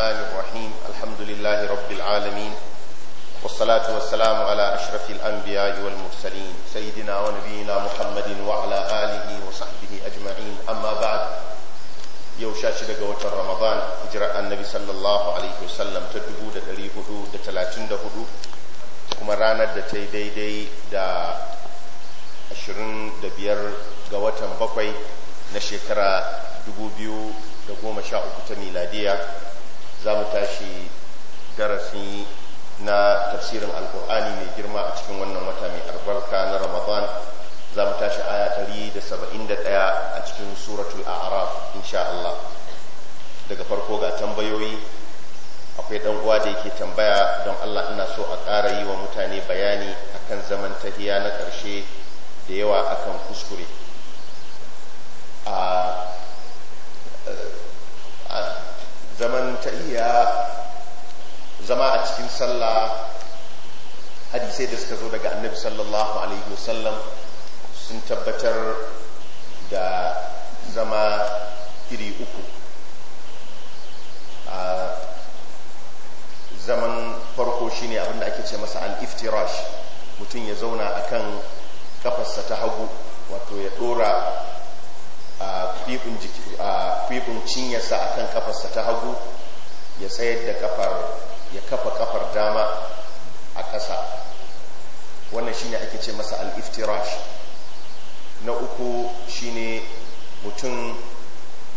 الرحمن الرحيم الحمد لله رب العالمين والصلاة والسلام على أشرف الأنبياء والمرسلين سيدنا ونبينا محمد وعلى آله وصحبه أجمعين أما بعد يوشا شدق وتر رمضان إجراء النبي صلى الله عليه وسلم تدبو دا تليهدو دا تلاتين دا هدو كما رانا دا تيدي دي دا أشرين دا بير قوة بقوي نشكرا دبو بيو da goma sha uku ta miladiya za mu tashi darasi na tafsirin alkur'ani mai girma a cikin wannan wata mai albarka na ramadan za mu tashi aya da da ɗaya a cikin suratul a'raf insha Allah daga farko ga tambayoyi akwai dan uwa da yake tambaya don Allah ina so a ƙara yi wa mutane bayani akan zaman tahiya na ƙarshe da yawa akan kuskure zaman ta iya zama a cikin sallah hadisai da suka zo daga annabi sallallahu alaihi wasallam sun tabbatar da zama iri uku a zaman farko shine abinda ake ce masa al-iftirash mutum ya zauna akan kafarsa ta hagu wato ya dora fiɓin cinyarsa a kan kafarsa ta hagu ya tsayar da kafar ya kafa kafar dama a ƙasa wannan shine ake ce masa al-iftirash na uku shine mutum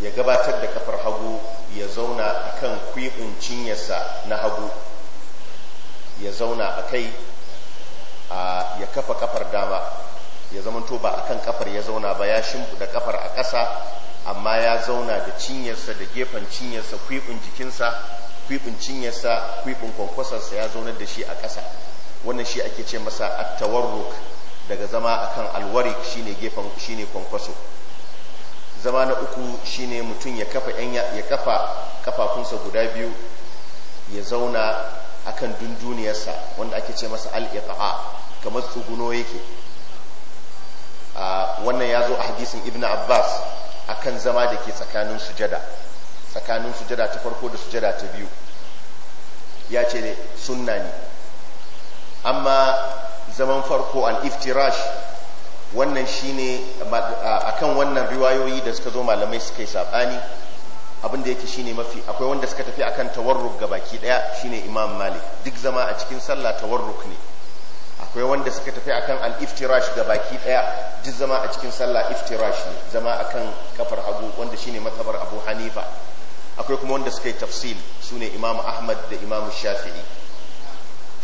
ya gabatar da kafar hagu ya zauna a kan kwiɓin cinyarsa na hagu ya zauna a kai ya kafa kafar dama ya zamanto ba akan kafar ya zauna ba ya da kafar a ƙasa amma ya zauna da cinyarsa da gefen cinyarsa kwiɓin jikinsa kwiɓin cinyarsa kwiɓin kwankwasarsa ya zauna da shi a ƙasa wannan shi ake ce masa attawarruk daga zama akan alwarik shine gefen shine kwankwaso zama na uku shine mutum ya kafa ya kafa kafafunsa guda biyu ya zauna akan dunduniyarsa wanda ake ce masa al kamar tsuguno yake wannan ya zo a hadisin ibn abbas akan zama da ke tsakanin sujada tsakanin sujada ta farko da sujada ta biyu ya ce ne sunna ne amma zaman farko al-iftirash wannan shine akan wannan riwayoyi da suka zo malamai suka yi sabani abin da yake shine mafi akwai wanda suka tafi akan tawarruk ga baki daya shine imam malik duk zama a cikin sallah tawarruk ne akwai wanda suka tafi akan al-iftirash ga baki ɗaya duk zama a cikin sallah iftirash ne zama akan kafar hagu wanda shine matabar Abu Hanifa akwai kuma wanda suka yi tafsil sune Imam Ahmad da Imam Shafi'i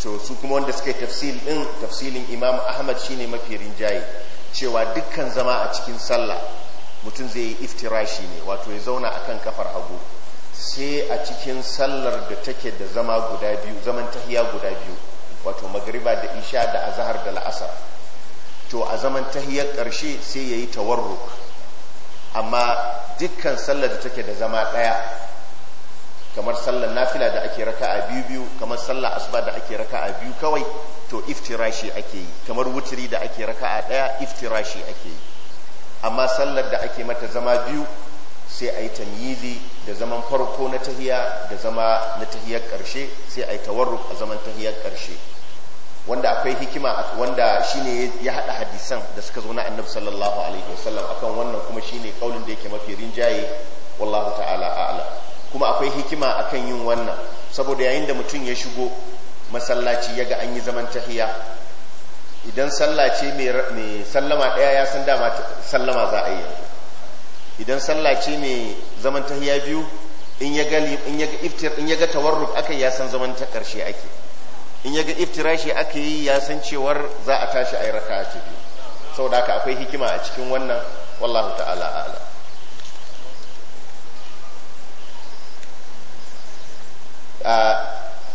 to su kuma wanda suka yi tafsil din tafsilin Imam Ahmad shine mafi rinjaye cewa dukkan zama a cikin sallah mutum zai yi iftirashi ne wato ya zauna akan kafar hagu sai a cikin sallar da take da zama guda biyu zaman tahiya guda biyu wato magariba da isha da azahar da la'asar to a zaman tahiyar ƙarshe sai ya yi tawarruk amma dukkan sallar da take da zama ɗaya kamar sallar nafila da ake raka a biyu biyu kamar sallar asuba da ake raka a biyu kawai to iftirashi ake yi kamar wuturi da ake raka a ɗaya iftirashi ake yi amma sallar da ake mata zama biyu sai a yi tamyizi da zaman farko na tahiya da zama na tahiyar ƙarshe sai a yi tawarruk a zaman tahiyar ƙarshe wanda akwai hikima wanda shine ya haɗa hadisan da suka zo na annabi sallallahu alaihi wasallam akan wannan kuma shine kaulin da yake mafi rinjaye wallahu ta'ala a'ala kuma akwai hikima akan yin wannan saboda yayin da mutum ya shigo masallaci ya ga an yi zaman tahiya idan sallace mai sallama ɗaya ya san dama sallama za a yi idan sallah ce mai zaman tahiya biyu in ya ga in ya ga iftir in ya ga tawarruk ya san zaman ta karshe ake in ya ga iftirashi ake yi ya san cewar za a tashi a raka a ce biyu saboda haka akwai hikima a cikin wannan wallahu ta'ala Ala.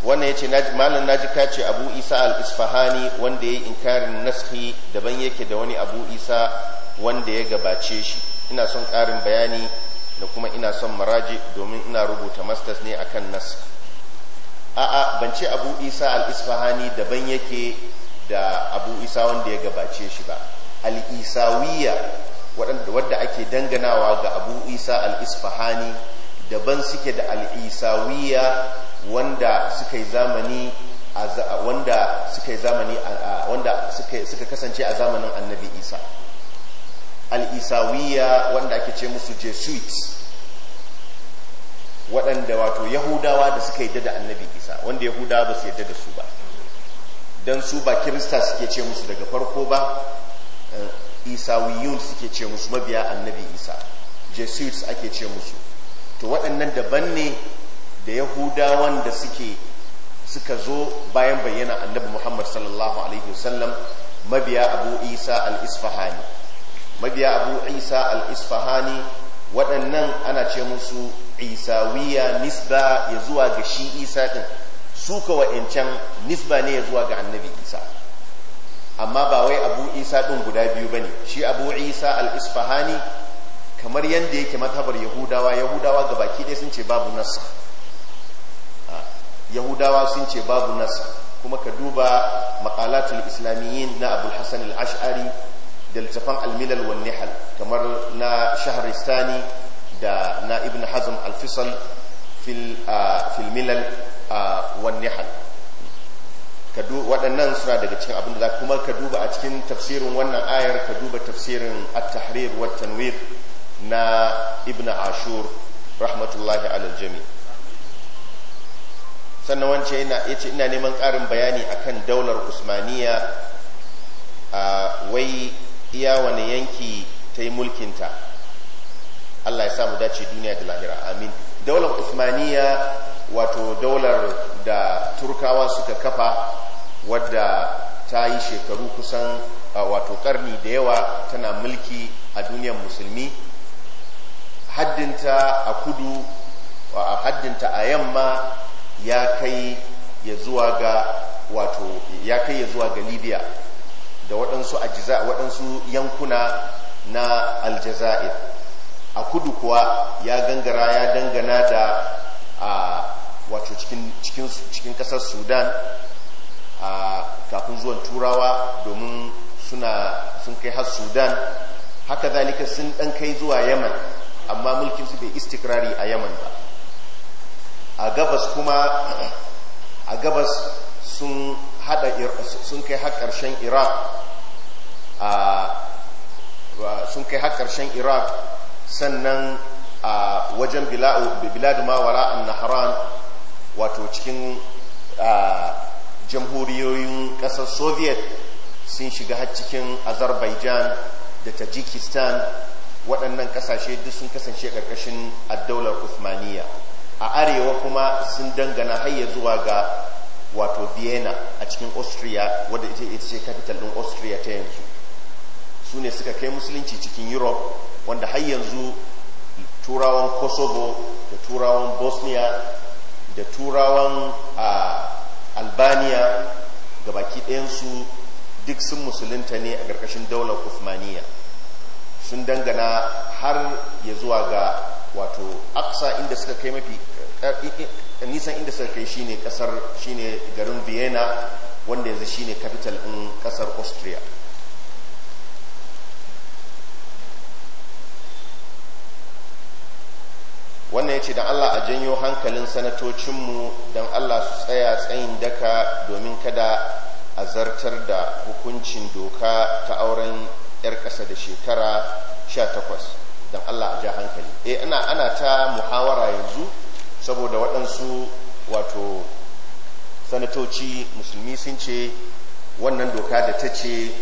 wannan ya ce malam naji kace ce abu isa al-isfahani wanda ya yi inkarin nasfi daban yake da wani abu isa wanda ya gabace shi ina son ƙarin bayani da kuma ina son maraji domin ina rubuta masters ne a kan nas a'a ban ce abu isa al-isfahani daban yake da abu isa wanda ya gabace shi ba al-isawiya wadda ake danganawa ga abu isa al-isfahani daban suke da al-isawiya wanda suka yi zamani wanda suka yi zamani wanda suka kasance a zamanin annabi isa al'isawiya wanda ake ce musu jesuits waɗanda wato yahudawa da suka yadda da annabi isa wanda yahudawa ba su yadda da su ba don su ba kirista suke ce musu daga farko ba eh, isawiyun suke ce musu mabiya annabi isa jesuits ake ce musu to waɗannan daban ne da yahudawan da suke suka zo bayan bayyana annabi muhammad sallallahu alaihi wasallam mabiya abu isa al-isfahani mabiya abu isa al-isfahani waɗannan ana ce musu isawiya nisba ya zuwa ga shi isa ɗin su ka wa'ancan nisba ne ya zuwa ga annabi isa amma ba wai abu isa ɗin guda biyu ba ne shi abu isa al-isfahani kamar yadda yake matabar yahudawa yahudawa ga baki ɗaya sun ce babu nasa ah, yahudawa sun ce babu nasa kuma ka duba makalatul islamiyyin na abul hasan al-ash'ari da littafan almilal wa nihal kamar na shaharistani da na ibn hazm alfisal fil milal wa nihal waɗannan suna daga cikin abin da kuma ka duba a cikin tafsirin wannan ayar ka duba tafsirin at-tahrir wa tanwir na ibn ashur rahmatullahi alal jami sannan wance yana yace ina neman ƙarin bayani akan daular usmaniya wai iya wani yanki ta yi mulkinta Allah ya samu dace duniya da lahira amin daular Uthmaniya wato daular da turkawa suka kafa wadda ta yi shekaru kusan wato karni da yawa tana mulki a duniyar musulmi haddinta a kudu a haddinta a yamma ya kai ya zuwa ga wato ya kai ya zuwa ga libya da waɗansu ajiza waɗansu yankuna na aljazair a kudu kuwa ya gangara ya dangana da a wato cikin ƙasar sudan a kafin zuwan turawa domin suna sun kai har sudan haka zalika sun ɗan kai zuwa yaman amma mulkin su bai istikrari a yaman ba a gabas kuma a gabas sun hada sun kai har karshen iraq sun kai har karshen iraq sannan a wajen biladu mawara an naharan wato cikin jamhuriyoyin kasar soviet sun shiga har cikin azerbaijan da tajikistan waɗannan ƙasashe duk sun kasance ƙarƙashin addaular usmaniyya a arewa kuma sun dangana hayya zuwa ga wato vienna a cikin austria wadda ita ce capital ɗin austria ta yanzu su ne suka kai musulunci cikin europe wanda har yanzu turawan kosovo da turawan bosnia da turawan albania ga baki ɗayansu duk sun musulunta ne a ƙarƙashin daular usmaniya sun dangana har ya zuwa ga wato aksa inda suka kai mafi nisan inda suka kai shine kasar shine garin vienna wanda yanzu shine capital din kasar austria wannan ya ce don allah a janyo hankalin sanatocinmu don allah su tsaya tsayin daka domin kada a zartar da hukuncin doka ta auren 'yar kasa da shekara 18 don allah a ja hankali e ana ta muhawara yanzu saboda waɗansu wato sanatoci musulmi sun ce wannan doka da ta ce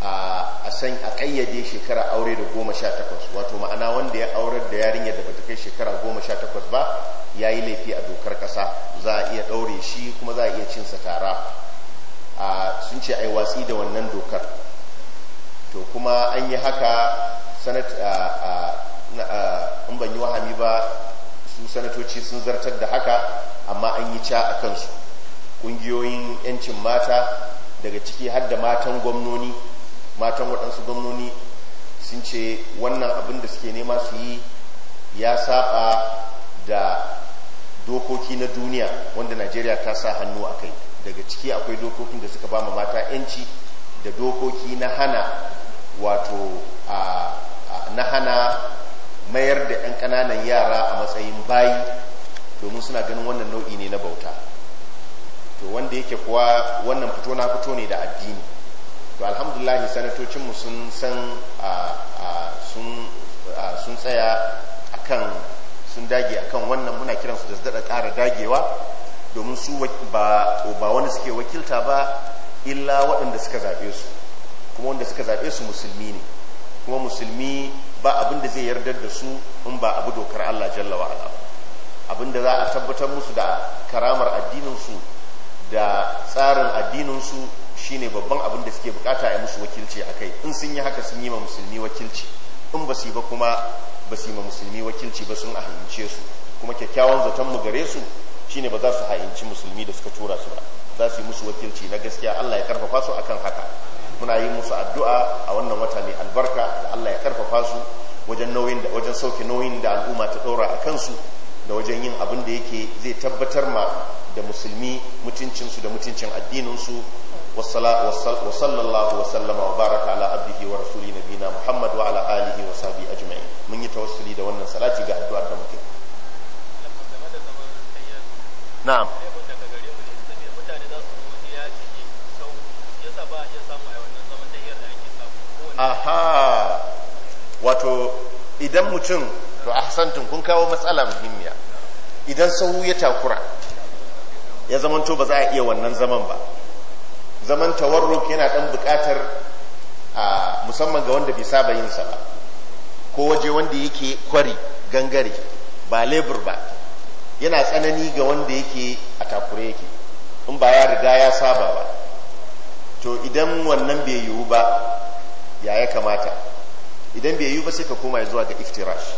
a san a ƙayyade shekara aure da goma sha takwas wato ma'ana wanda ya aurar da yarinyar da bata kai shekara goma sha takwas ba ya yi laifi a dokar ƙasa za a iya ɗaure shi kuma za a iya cinsa tara a sun ce ai watsi da wannan dokar to kuma an yi haka sanat in ban yi wahami ba su sanatoci sun zartar da haka amma an yi ca a kansu ƙungiyoyin 'yancin mata daga ciki har da matan gwamnoni matan waɗansu gwamnoni sun ce wannan abin da suke nema su yi ya saba da dokoki na duniya wanda najeriya ta sa hannu a kai daga ciki akwai dokokin da suka ba ma mata 'yanci da dokoki na hana wato a na hana mayar da 'yan ƙananan yara a matsayin bayi domin suna ganin wannan nau'i ne na bauta to wanda yake kuwa wannan fito na fito ne da addini to alhamdulahi sanatocinmu sun san sun tsaya a kan sun dage a kan wannan muna kiransu da daɗa ƙara dagewa domin su ba wani suke wakilta ba illa waɗanda suka zaɓe su kuma wanda suka zaɓe su musulmi ne kuma musulmi ba abin da zai yardar da su in ba abu dokar Allah jalla wa ala abin da za a tabbatar musu da karamar addinin su da tsarin addinin su shine babban abin da suke bukata ya musu wakilci akai in sun yi haka sun yi ma musulmi wakilci in ba su ba kuma ba su yi ma musulmi wakilci ba sun ahimce su kuma kyakkyawan zaton mu gare su shine ba za su ha'inci musulmi da suka tura su ba za su yi musu wakilci na gaskiya Allah ya karfafa su akan haka muna yi musu addu'a a wannan wata mai albarka da Allah ya karfafa su wajen nauyin da wajen sauke nauyin da al'umma ta ɗora a kansu da wajen yin abin da yake zai tabbatar ma da musulmi mutuncinsu da mutuncin addininsu wa wasallama wa baraka ala abdihi wa rasuli nabina muhammad wa ala alihi wa a jima'i mun yi tawassuli da wannan salati ga addu'ar da muke na'am aha wato idan mutum to ahsantum kun kawo matsala muhimmiya idan sahu ya takura ya zamanto ba za a iya wannan zaman ba zaman tawarruk yana dan bukatar a musamman ga wanda bai saba yin sa ba ko waje wanda yake kwari gangare ba lebur ba yana tsanani ga wanda yake a takure yake in ba ya riga ya saba ba to idan wannan bai yiwu ba ya ya kamata idan bai yi ba sai ka koma zuwa ga iftirash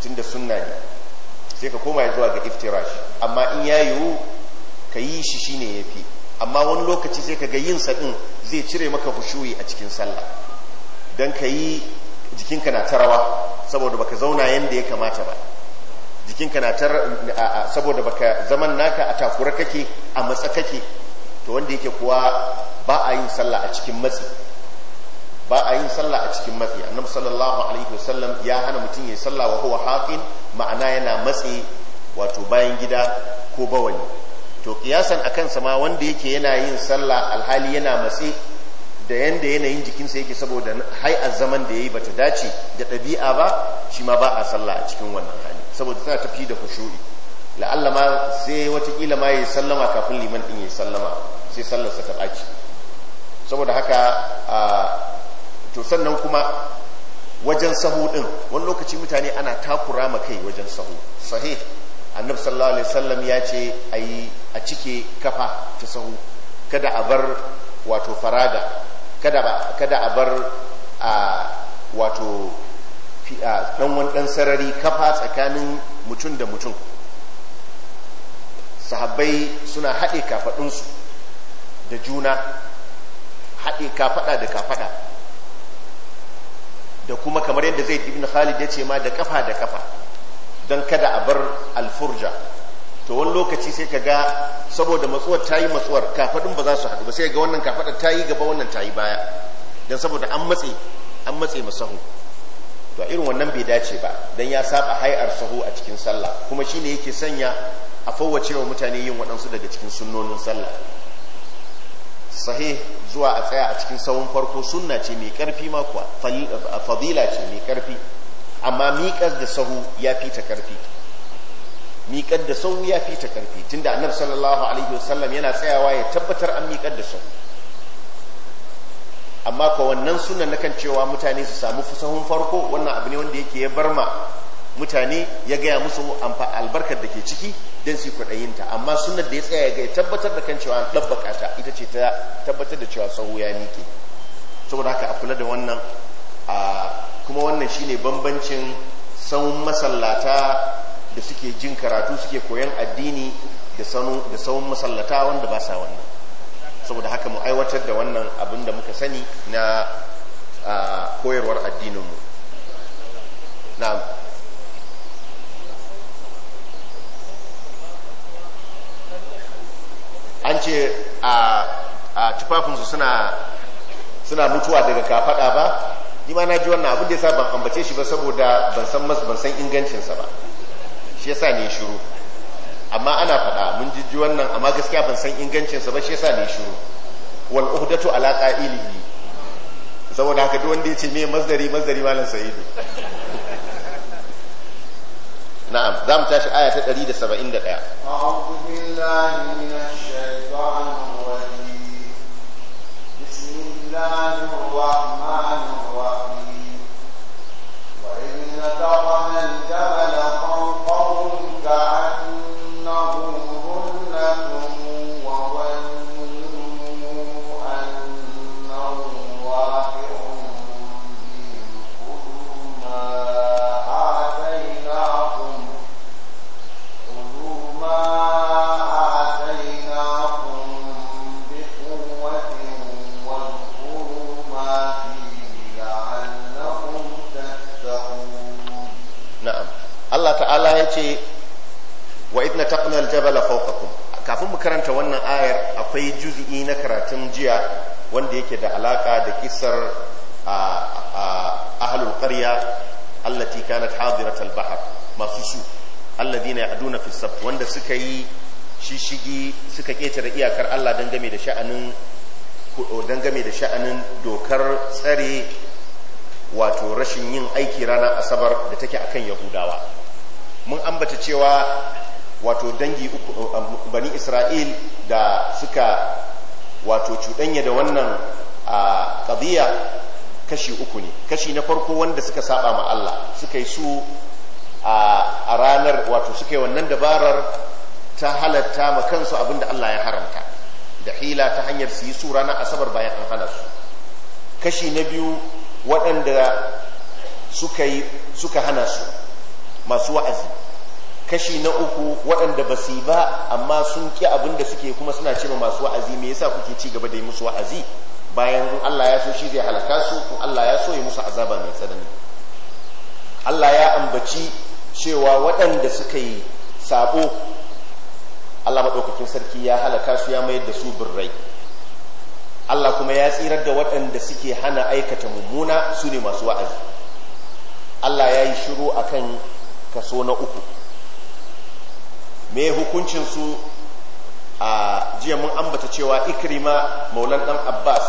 tunda suna ne sai ka koma zuwa ga iftirash amma in ya yiwu ka yi shi ya fi amma wani lokaci sai ka ga yin sa zai cire maka fushuyi a cikin sallah don ka yi jikinka na tarawa saboda baka zauna yadda ya kamata ba jikinka na tar saboda baka zaman naka a takura kake a matsa kake to wanda yake kuwa ba a yin sallah a cikin matsi ba a yin sallah a cikin matsi annabi sallallahu alaihi wasallam ya hana mutum ya sallah wa huwa haqin ma'ana yana matsi wato bayan gida ko bawani to kiyasan akan sama wanda yake yana yin sallah alhali yana matsi da yanda yanayin jikinsa yake saboda hai'ar zaman da yayi bata dace da ɗabi'a ba shi ma ba a sallah a cikin wannan hali saboda tana tafi da khushu'i la'alla ma sai watakila ma yayi sallama kafin liman din yayi sallama sai sallarsa ta ɓaci saboda haka to sannan kuma wajen sahu ɗin wani lokaci mutane ana takura ma kai wajen sahu sahi annabi sallallahu alaihi wasallam ya ce ayi a cike kafa ta sahu kada a bar wato farada kada ba kada a bar a wato dan wani dan sarari kafa tsakanin mutum da mutum sahabbai suna haɗe kafaɗinsu da juna haɗe kafaɗa da kafaɗa da kuma kamar yadda zai ibn khalid ya ce ma da kafa da kafa don kada a bar alfurja to wani lokaci sai ka ga saboda matsuwar ta yi matsuwar kafaɗin ba za su haɗu ba sai ga wannan kafaɗar ta yi gaba wannan ta yi baya don saboda an matse an matse masahu to irin wannan bai dace ba don ya saba hai'ar sahu a cikin sallah kuma shine yake sanya a fawwacewa mutane yin waɗansu daga cikin sunnonin sallah sahih zuwa a tsaya a cikin sahun farko suna ce mai karfi makuwa fadila ce mai karfi amma miƙar da sahu ya fi ta karfi miƙar da sahu ya fi ta karfi tunda annabi sallallahu alaihi wasallam yana tsayawa ya tabbatar an miƙar da sahu amma ko wannan na kan cewa mutane su samu sahun farko wannan abu ne wanda yake ya barma mutane ya gaya musu albarkar da ke ciki don su kwaɗayinta amma sunan da ya tsaya ya tabbatar da kan cewa ɗabbaka ta ita ce ta tabbatar da cewa tsawo ya nike, saboda haka a kula da wannan kuma wannan shine bambancin sahun masallata da suke jin karatu suke koyan addini da sahun masallata wanda ba sa wannan saboda haka mu aiwatar da wannan abin da muka sani na koyarwar addininmu na'am an ce a tufafinsu suna mutuwa daga kafada ba ni ma na ji wannan abin da ya sa ban ambace shi ba saboda ban san masu ban san ingancinsa ba shi yasa ne shiru amma ana faɗa mun ji ji wannan amma gaskiya ban san ingancinsa ba shi yasa ne shiru wal uhdatu ala qa'ilihi saboda haka duk wanda ya ce me masdari masdari malam sa'idu نعم زم تاش آية تريد السبع عند الآية أعوذ بالله من الشيطان الرجيم بسم الله الرحمن الرحيم وإن تقم الجبل فوقهم كعب suka yi shishigi suka ƙetare iyakar Allah dangane da sha'anin da sha'anin dokar tsare wato rashin yin aiki ranar asabar da take akan yahudawa mun ambata cewa wato dangi uku um, bani isra'il da suka wato cuɗanya da wannan a kashi uku ne kashi na farko wanda suka saba ma Allah suka yi su a ranar wato suka yi wannan dabarar ta halatta ma kansu abin da Allah ya haramta da hila ta hanyar su yi su ranar asabar bayan an hana su kashi na biyu waɗanda suka yi suka hana su masu wa'azi kashi na uku waɗanda ba su yi ba amma sun ƙi abin da suke kuma suna ce masu wa'azi me yasa kuke ci gaba da yi musu wa'azi bayan in Allah ya so shi zai halaka su in Allah ya so ya musu azaba mai tsanani Allah ya ambaci cewa waɗanda suka yi sabo Allah maɗaukakin sarki ya halaka su ya mayar da su birrai Allah kuma ya tsirar da waɗanda suke hana aikata mummuna su ne masu wa'azi Allah ya yi shiru a kan kaso na uku me hukuncinsu a jiya mun ambata cewa ikirima maulan ɗan abbas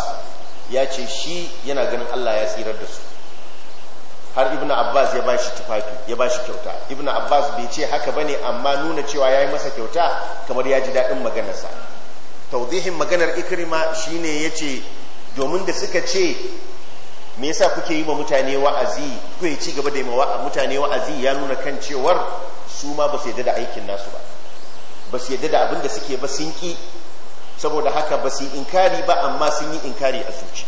ya ce shi yana ganin Allah ya tsirar da su har ibn abbas ya bashi tufafi ya bashi kyauta ibn abbas bai ce haka bane amma nuna cewa yayi masa kyauta kamar ya ji dadin maganarsa tawdihin maganar ikrima shine yace domin da suka ce me yasa kuke yi wa mutane wa'azi kuke ci gaba da yi wa mutane wa'azi ya nuna kan cewar su ma ba su yadda da aikin nasu ba ba su yadda da abin da suke ba sun ki saboda haka ba su inkari ba amma sun yi inkari a zuci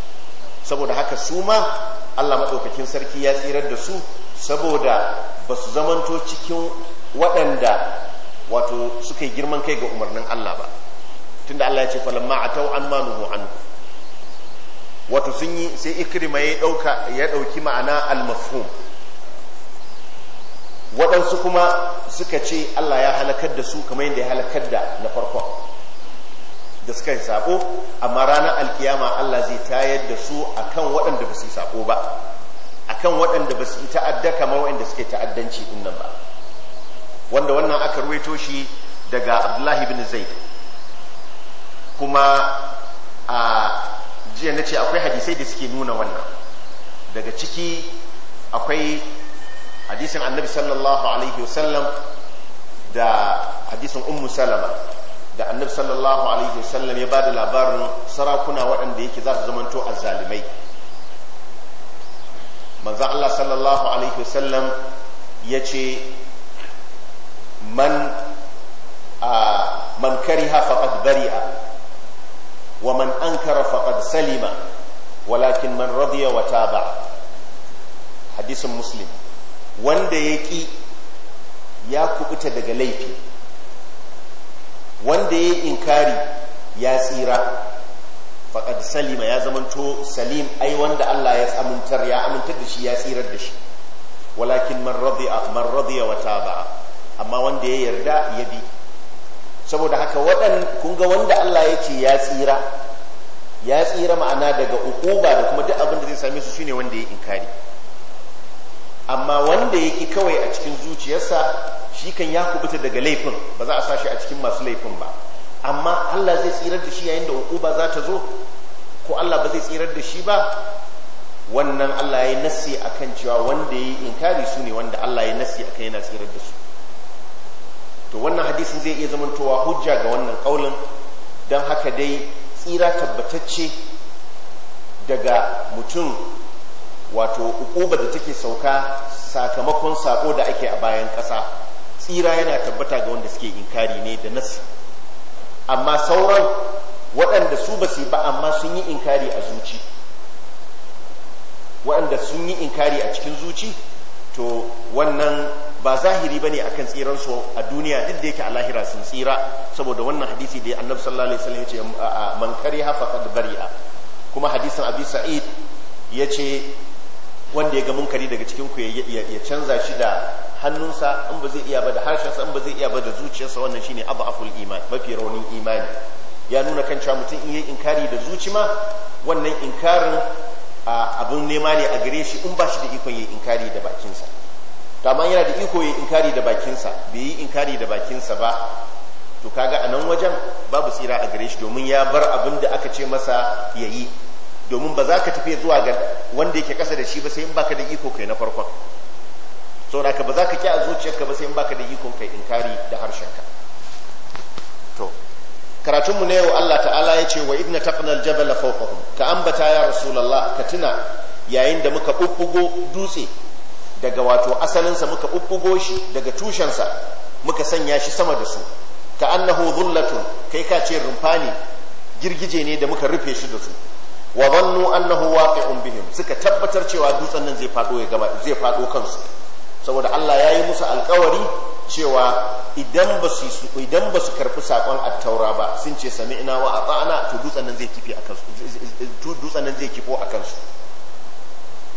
saboda haka su ma Allah maɗaukakin sarki ya tsirar da su saboda ba su zamanto cikin waɗanda wato suka yi girman kai ga umarnin Allah ba tunda Allah ya ce falamma atau an nuhu an wato sun yi sai ikirma ya ɗauki ya ɗauki ma'ana al-mafhum waɗansu kuma suka ce Allah ya halakar da su kamar yadda ya halakar da na farko. da suka yi sabo amma ranar alkiyama Allah zai tayar da su akan waɗanda ba su yi sabo ba akan waɗanda ba su yi ta'adda kamar waɗanda suke ta'addanci din nan ba wanda wannan aka ruwaito shi daga Abdullahi bin Zaid kuma a jiya nace akwai hadisai da suke nuna wannan daga ciki akwai hadisin Annabi sallallahu alaihi wasallam da hadisin Ummu Salama da annabi sallallahu alaihi wasallam ya bada labarin sarakuna waɗanda yake za su zamanto azzalimai manzo Allah sallallahu alaihi wasallam ya ce man a man kariha faqad bari'a wa man ankara faqad salima walakin man radiya wa taba hadisin muslim wanda ya ki ya kubuta daga laifi wanda ya yi inkari ya tsira faƙad salima ya zamanto salim ai wanda Allah ya amintar ya amintar da shi ya tsirar da shi walakin man radiya amma wanda ya yarda ya bi saboda haka waɗan kun ga wanda Allah ya ce ya tsira ya tsira ma'ana daga ukuba da kuma duk abin da zai same su shine wanda ya inkari amma wanda yake kawai a cikin zuciyarsa shi kan ya kubuta daga laifin ba za a sashi a cikin masu laifin ba amma Allah zai tsirar da shi yayin da hukuma za ta zo ko Allah ba zai tsirar da shi ba wannan Allah ya a akan cewa wanda yayi inkari su ne wanda Allah ya a akan yana tsirar da su to wannan hadisin zai iya zamantowa hujja ga wannan kaulin don haka dai tsira tabbatacce daga mutum wato ukuba da take sauka sakamakon sako da ake a bayan ƙasa tsira yana tabbata ga wanda suke inkari ne da nasi amma sauran waɗanda su ba su ba amma sun yi inkari a zuci waɗanda sun yi inkari a cikin zuci to wannan ba zahiri ba ne a akan tsiransu a duniya duk da yake a lahira sun tsira saboda wannan hadisi da annabi sallallahu alaihi wasallam ya ce man bari'a kuma hadisin abi sa'id ya ce wanda ya ga munkari daga cikin ku ya canza shi da hannunsa in ba zai iya ba da harshensa in ba zai iya ba da zuciyarsa wannan shine Aful iman mafi raunin imani ya nuna kan cewa mutum in yi inkari da zuci ma wannan inkarin abin nema ne a gare shi in ba shi da ikon yi inkari da bakinsa to amma yana da iko yi inkari da bakinsa bai yi inkari da bakinsa ba to kaga a nan wajen babu tsira a gare shi domin ya bar abin da aka ce masa ya yi domin ba za ka tafi zuwa ga wanda yake kasa da shi ba sai in baka da iko kai na farkon saboda ka ba za ka ki a zuciyarka ba sai in baka da iko kai inkari da harshenka to karatunmu na yau Allah ta'ala ya ce wa idna taqnal jabala fawqahum ka ambata ya rasulullah ka tuna yayin da muka bubbugo dutse daga wato asalinsa muka bubbugo shi daga tushensa muka sanya shi sama da su ka annahu dhullatun kai ka ce rumfani girgije ne da muka rufe shi da su wa zannu annahu waqi'un bihim suka tabbatar cewa dutsen nan zai fado ya gaba zai fado kansu saboda Allah ya yi musu alkawari cewa idan ba su idan ba su karbi sakon at-taura ba sun ce sami'na wa ata'na to dutsen nan zai kifi a kansu dutsen nan zai kifo a kansu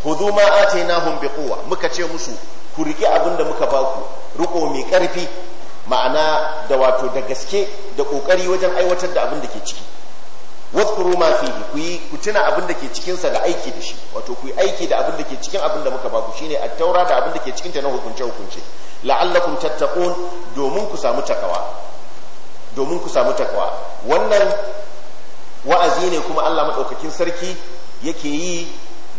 khudhu ma atainahum biquwa muka ce musu ku riki abin da muka baku riko mai karfi ma'ana da wato da gaske da kokari wajen aiwatar da abin da ke ciki Wasu ma fihi ku yi ku tuna abin da ke cikinsa da aiki da shi wato ku yi aiki da abin da ke cikin abin da muka ba ku shine a taura da abin da ke cikinta na hukunce hukunce la'allakum tattaqun domin ku samu takawa domin ku samu takawa wannan wa'azi ne kuma Allah maɗaukakin sarki yake yi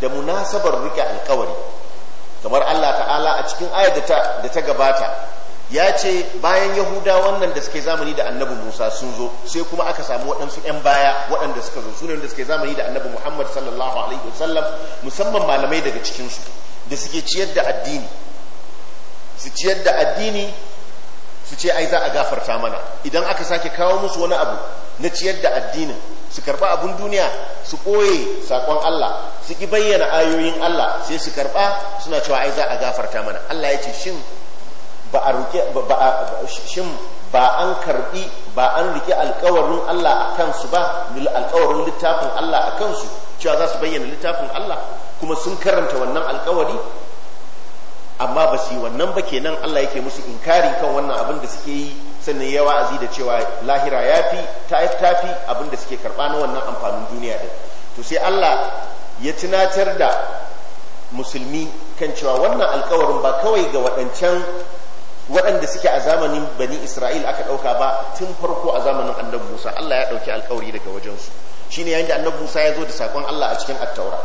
da munasabar rike alkawari kamar Allah ta'ala a cikin ayar da ta gabata ya ce bayan yahuda wannan da suke zamani da annabi musa sun zo sai kuma aka samu waɗansu 'yan baya waɗanda suka zo su ne da suke zamani da annabi muhammad sallallahu alaihi wasallam musamman malamai daga cikinsu da suke ciyar da addini su ciyar da addini su ce ai za a gafarta mana idan aka sake kawo musu wani abu na ciyar da addinin su karba abun duniya su koye sakon Allah su ki bayyana ayoyin Allah sai su karba suna cewa ai za a gafarta mana Allah ya ce shin ba a ba shin ba an karbi ba an rike alkawarin Allah a kansu ba alkawarin littafin Allah a kansu cewa za su bayyana littafin Allah kuma sun karanta wannan alkawari amma ba su yi wannan ba kenan Allah yake musu inkari kan wannan abin da suke yi sannan ya wa'azi da cewa lahira ya fi tafi abin da suke karba na wannan amfanin duniya din to sai Allah ya tunatar da musulmi kan cewa wannan alkawarin ba kawai ga waɗancan waɗanda suke a zamanin bani isra'il aka ɗauka ba tun farko a zamanin annabi musa allah ya ɗauki alkawari daga wajensu shine yayin da annabi musa ya zo da saƙon allah a cikin attaura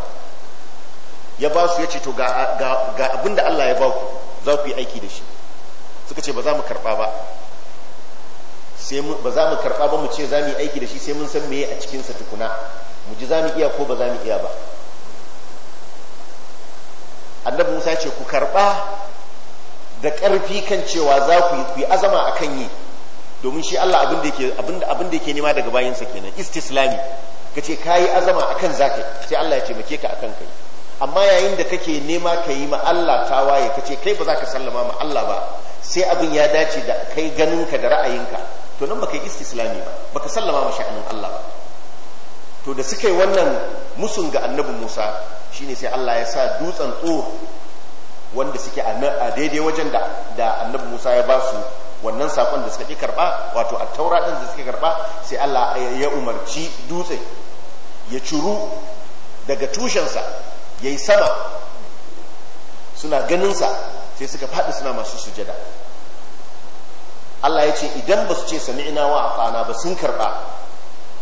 ya ba su ya ce to ga abin da allah ya ba ku za ku yi aiki da shi suka ce ba za mu karɓa ba ba za mu karɓa ba mu ce za mu yi aiki da shi sai mun san meye a cikinsa tukuna mu ji za mu iya ko ba za mu iya ba annabi musa ya ce ku karɓa da ƙarfi kan cewa za ku yi azama a kan yi domin shi Allah abin da yake nema daga bayansa kenan istislami ka ce ka yi azama a kan zaka sai Allah ya ce taimake ka a kan kai amma yayin da kake nema ka yi ma Allah waye ka ce kai ba za ka sallama ma Allah ba sai abin ya dace da kai ganinka da ra'ayinka to nan baka yi istislami ba baka sallama ma sha'anin Allah ba to da suka yi wannan musun ga annabi Musa shine sai Allah ya sa dutsen tsoho wanda suke a daidai wajen da da annabi Musa ya ba su wannan sakon da suka ki karɓa wato a taura din da suke karɓa sai Allah ya umarci dutse ya curu daga tushensa ya yi sama suna ganinsa sai suka faɗi suna masu sujada Allah ya ce idan ba su ce sami'ina wa atana ba sun karɓa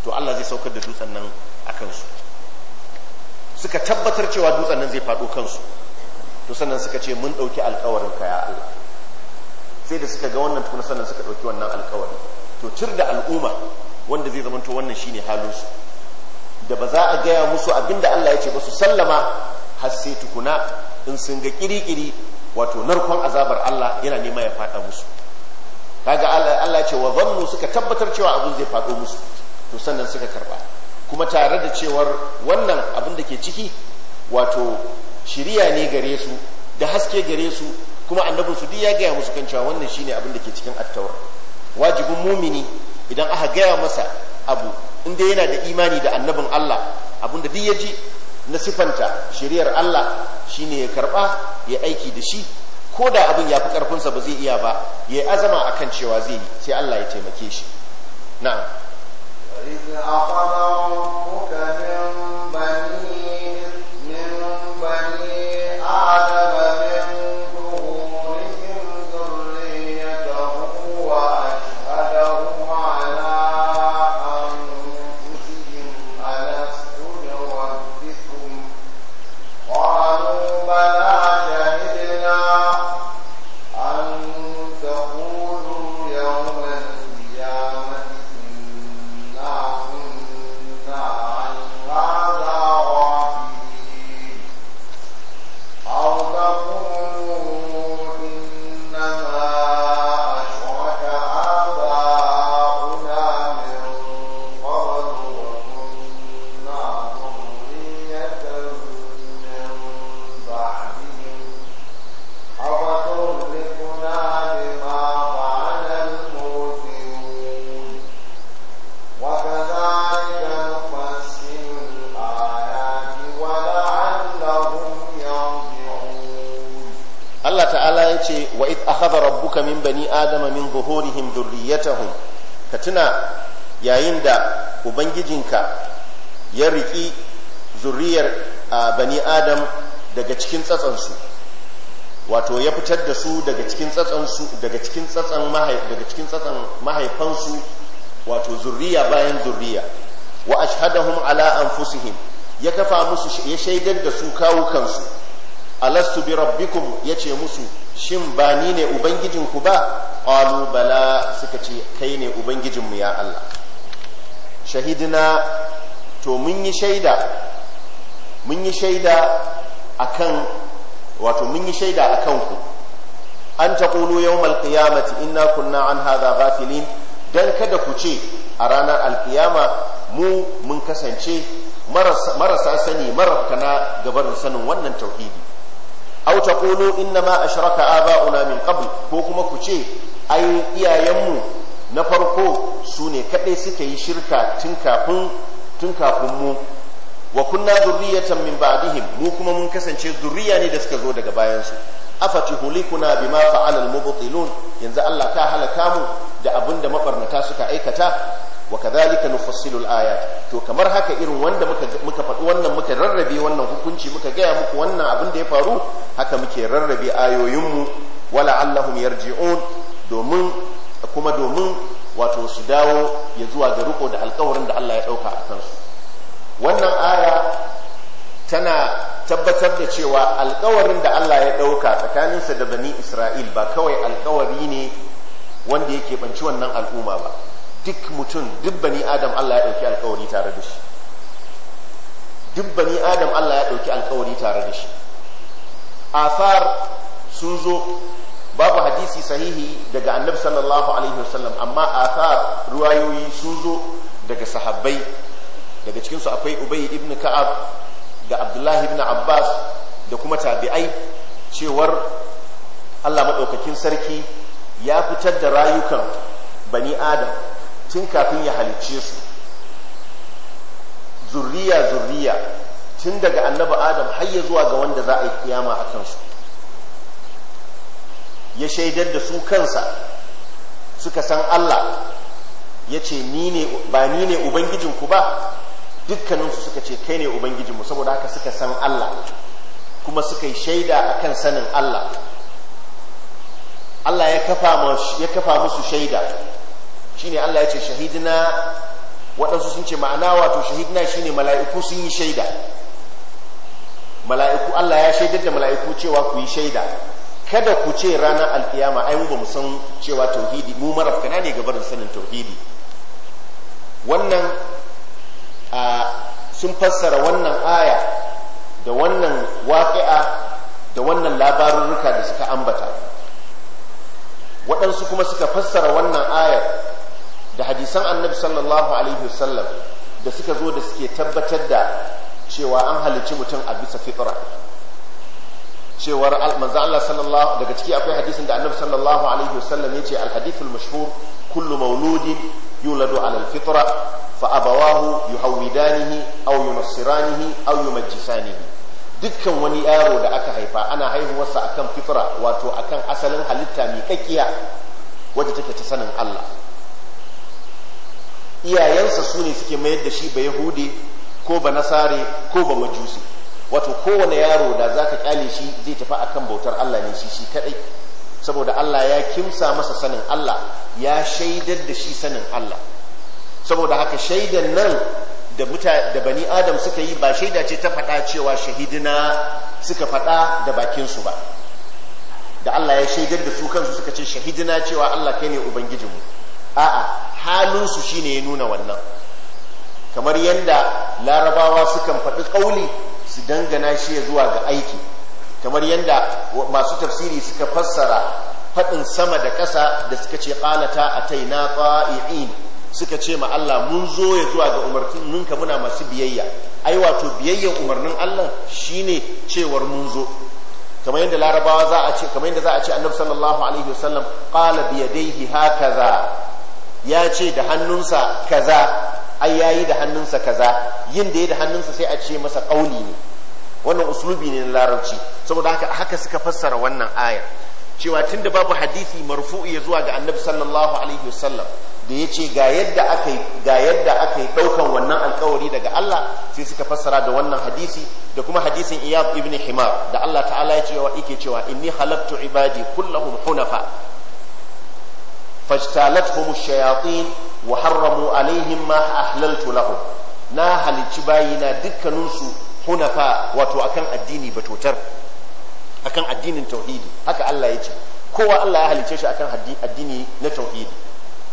to Allah zai saukar da dutsen nan a kansu suka tabbatar cewa dutsen nan zai faɗo kansu to sannan suka ce mun ɗauki alkawarin ka ya Allah sai da suka ga wannan tukuna sannan suka ɗauki wannan alkawari to tur da al'umma wanda zai zamanto wannan shine halinsu da ba za a gaya musu abinda Allah ya ce ba su sallama har sai tukuna in sun ga kirikiri wato narkon azabar Allah yana nema ya faɗa musu kaga Allah ya ce wa zannu suka tabbatar cewa abin zai faɗo musu to sannan suka karba kuma tare da cewar wannan abin da ke ciki wato shiriya ne gare su da haske gare su kuma annabin su duk ya gaya musu kan cewa wannan shine abin da ke cikin attawar wajibin mumini idan aka gaya masa abu inda yana da imani da annabin Allah abun da duk ya ji na sifanta shiriyar Allah shine ya karba ya aiki da shi ko da abin ya fi karfinsa ba zai iya ba ya azama akan cewa zai yi sai Allah ya taimake shi na'am وإذ أخذ ربك من بني anfusihim ya kafa musu ya shaidar da su kawo kansu alastu bi rabbikum yace musu shin ba ni ne ubangijinku ba qalu bala suka ce kai ne ubangijinmu ya Allah shahidina to mun yi shaida mun yi shaida wato mun yi shaida akan ku an taqulu yau qiyamati inna kunna an hadha ghafilin dan kada ku ce a ranar alkiyama mu kasance marasa sani na gabarin sanin wannan tauhidi aw kolo inna ma a ashraka una min qabl ko kuma ku ce ai iyayenmu na farko su ne kadai suka yi shirka tun kafin mu wa kunna zurriyatan min ba'dihim mu kuma mun kasance zurriya ne da suka zo daga bayan su kuna bima fa'ala al-mubtilun yanzu Allah ka halaka mu da abinda mabarnata suka aikata wa kadhalika nufassilu al-ayat to kamar haka irin wanda muka muka faɗi wannan muka rarrabe wannan hukunci muka gaya muku wannan abin da ya faru haka muke rarrabe ayoyinmu wala allahum yarji'un domin kuma domin wato su dawo ya zuwa ga ruko da alkawarin da Allah ya dauka a kansu wannan aya tana tabbatar da cewa alkawarin da Allah ya dauka tsakaninsa da bani Isra'il ba kawai alkawari ne wanda yake banci wannan al'umma ba duk mutum duk bani adam Allah ya dauki alkawari tare da shi duk bani adam Allah ya ɗauki alkawari tare da shi asar sun zo babu hadisi sahihi daga annabi sallallahu alaihi wasallam amma asar ruwayoyi sun zo daga sahabbai daga cikinsu akwai ubay ibn ka'ab da abdullahi ibn abbas da kuma tabi'ai cewar Allah maɗaukakin sarki ya fitar da rayukan bani adam tun kafin ya halicce su zurriya zurriya tun daga annabi adam har ya zuwa ga wanda za a yi kiyama a kansu ya shaidar da su kansa suka san Allah ya ce ba ni ne ubangijinku ba dukkaninsu suka ce kai ne ubangijinmu saboda haka suka san Allah kuma suka yi shaida a kan sanin Allah Allah ya kafa musu shaida shine Allah ya ce shahidina waɗansu sun ce ma'ana wato shahidina shine mala'iku sun yi shaida mala'iku Allah ya shaidar da mala'iku cewa ku yi shaida kada ku ce ranar alkiyama ai mu ba mu san cewa tauhidi mu marafkana ne barin sanin tauhidi wannan sun fassara wannan aya da wannan waƙi'a da wannan labarurruka da suka ambata waɗansu kuma suka fassara wannan ayar da hadisan annabi sallallahu alaihi wasallam da suka zo da suke tabbatar da cewa an halicci mutum a bisa fitra cewar manzo Allah sallallahu daga ciki akwai hadisin da annabi sallallahu alaihi wasallam yace al hadithul mashhur kullu mawludin yuladu ala al fitra fa abawahu yuhawidanihi aw yunassiranihi aw yumajjisanihi dukkan wani yaro da aka haifa ana haihuwarsa akan fitra wato akan asalin halitta mai kakkiya wadda take ta sanin Allah iyayensa su ne suke mayar da shi ba yahudi ko ba nasare ko ba majusi wato kowane yaro da za ka kyale shi zai tafi akan bautar Allah ne shi shi kadai saboda Allah ya kimsa masa sanin Allah ya shaidar da shi sanin Allah saboda haka shaidan nan da muta da bani adam suka yi ba shaida ce ta faɗa cewa shahidina suka faɗa da bakinsu ba da Allah ya shaidar da su kansu suka ce shahidina cewa Allah kai ne ubangijinmu a'a halinsu shine ya nuna wannan kamar yadda larabawa sukan faɗi ƙauli su dangana shi ya zuwa ga aiki kamar yadda masu tafsiri suka fassara faɗin sama da ƙasa da suka ce ƙalata a taina ƙa'i'in suka ce ma Allah mun zo ya zuwa ga ninka muna masu biyayya ai wato biyayyar umarnin Allah shine cewar mun zo kamar yadda larabawa za a ce kamar yadda za a ce annabi sallallahu alaihi wasallam qala bi yadayhi hakaza ya ce da hannunsa kaza ai yayi da hannunsa kaza yin da ya da hannunsa sai a ce masa ƙauli ne wannan uslubi ne na larabci saboda haka haka suka fassara wannan ayar cewa tunda babu hadisi marfu ya zuwa ga annabi sallallahu alaihi wasallam da ya ce ga yadda aka yi ga yi ɗaukan wannan alkawari daga Allah sai suka fassara da wannan hadisi da kuma hadisin Iyad ibn Himar da Allah ta'ala ya ce wa yake cewa inni halaktu ibadi kullahum hunafa fajtalathum ash-shayatin wa harramu alaihim ma ahlaltu lahum na halicci bayina dukkaninsu hunafa wato akan addini batotar akan addinin tauhidi haka Allah ya ce kowa Allah ya halice shi akan addini na tauhidi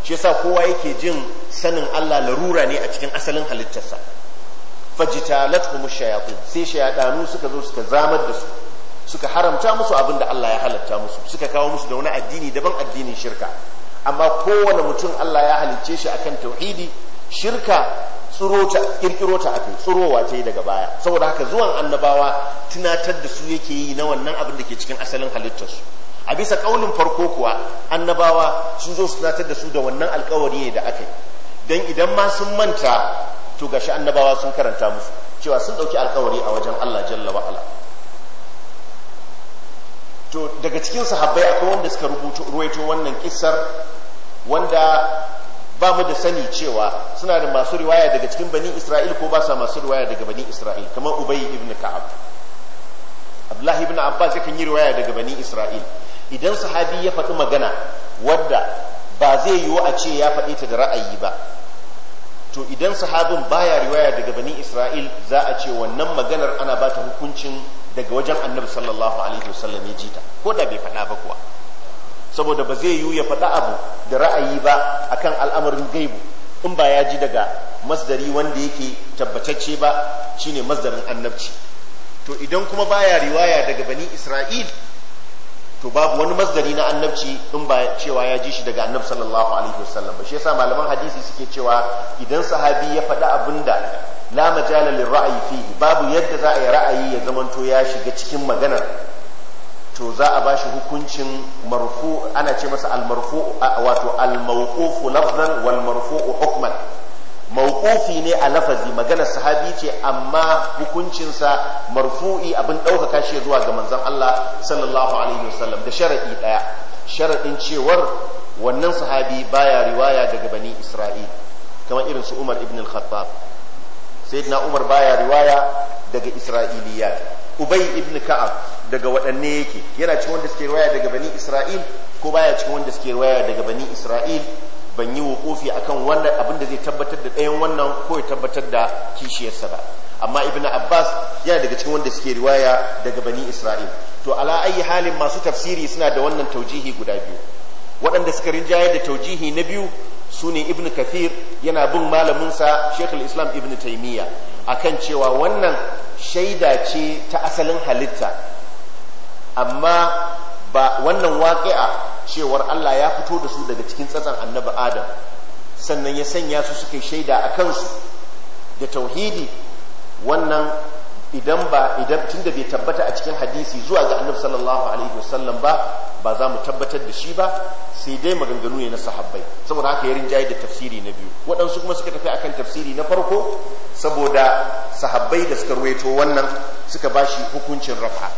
shi yasa kowa yake jin sanin Allah larura ne a cikin asalin halittarsa fajitalathum ash-shayatin sai shayadanu suka zo suka zamar da su suka haramta musu abin da Allah ya halatta musu suka kawo musu da wani addini daban addinin shirka amma kowane mutum Allah ya halicce shi akan tauhidi shirka tsirota kirkirota ta tsirowa ta yi daga baya saboda haka zuwan annabawa tunatar da su yake yi na wannan abin da ke cikin asalin halittarsu a bisa kaulin farko kuwa annabawa sun zo su tunatar da su da wannan alkawari ne da aka yi. dan idan ma sun manta to gashi annabawa sun karanta musu cewa sun ɗauki alkawari a wajen Allah jalla wa to daga cikin sahabbai akwai wanda suka rubuto ruwaito wannan kissar wanda ba mu da sani cewa suna da masu riwaya daga cikin bani isra'il ko ba sa masu riwaya daga bani isra'il kamar ubay ibn ka'ab abdullahi ibn abbas yakan yi riwaya daga bani isra'il idan sahabi ya faɗi magana wadda ba zai yiwu a ce ya faɗi ta da ra'ayi ba to idan sahabin baya riwaya daga bani isra'il za a ce wannan maganar ana ba ta hukuncin daga wajen annabi sallallahu alaihi wasallam ya ji ta ko da bai faɗa ba kuwa saboda ba zai yiwu ya faɗa abu da ra'ayi ba akan al'amarin gaibu in ba ya ji daga masdari wanda yake tabbatacce ba shine masdarin annabci to idan kuma baya riwaya daga bani isra'il to babu wani masdari na annabci in ba cewa ya ji shi daga annabi sallallahu alaihi wasallam ba shi yasa malaman hadisi suke cewa idan sahabi ya faɗi abinda la majalalin ra'ayi fihi babu yadda za a yi ra'ayi ya zamanto ya shiga cikin maganar to za a bashi hukuncin marfu ana ce masa al marfu wato al mawqufu lafzan wal marfu hukman mawqufi ne a lafazi maganar sahabi ce amma hukuncinsa marfu'i abin ɗaukaka shi zuwa ga manzon Allah sallallahu alaihi wasallam da sharadi daya sharadin cewar wannan sahabi baya riwaya daga bani Isra'il kamar irin su Umar ibn al-Khattab sayyidina umar baya riwaya daga isra'iliyat ubay ibn ka'ab daga waɗanne yake yana cikin wanda suke riwaya daga bani isra'il ko baya cikin wanda suke riwaya daga bani isra'il ban yi wukufi akan wannan abin da zai tabbatar da ɗayan wannan ko ya tabbatar da kishiyarsa ba amma ibn abbas yana daga cikin wanda suke riwaya daga bani isra'il to ala ayi halin masu tafsiri suna da wannan taujihi guda biyu waɗanda suka rinjaye da taujihi na biyu su ne ibn kathir yana bin malaminsa shekul islam ibn taimiyya akan cewa wannan shaida ce ta asalin halitta amma ba wannan waƙi'a cewar allah ya fito da su daga cikin tsatsan annabi adam sannan ya sanya su suka shaida a kansu da tauhidi wannan idan ba idan tunda bai tabbata a cikin hadisi zuwa ga annabi sallallahu alaihi wasallam ba ba za mu tabbatar da shi ba sai dai maganganu ne na sahabbai saboda haka ya rinjaye da tafsiri na biyu waɗansu kuma suka tafi akan tafsiri na farko saboda sahabbai da suka ruwaito wannan suka bashi hukuncin rafa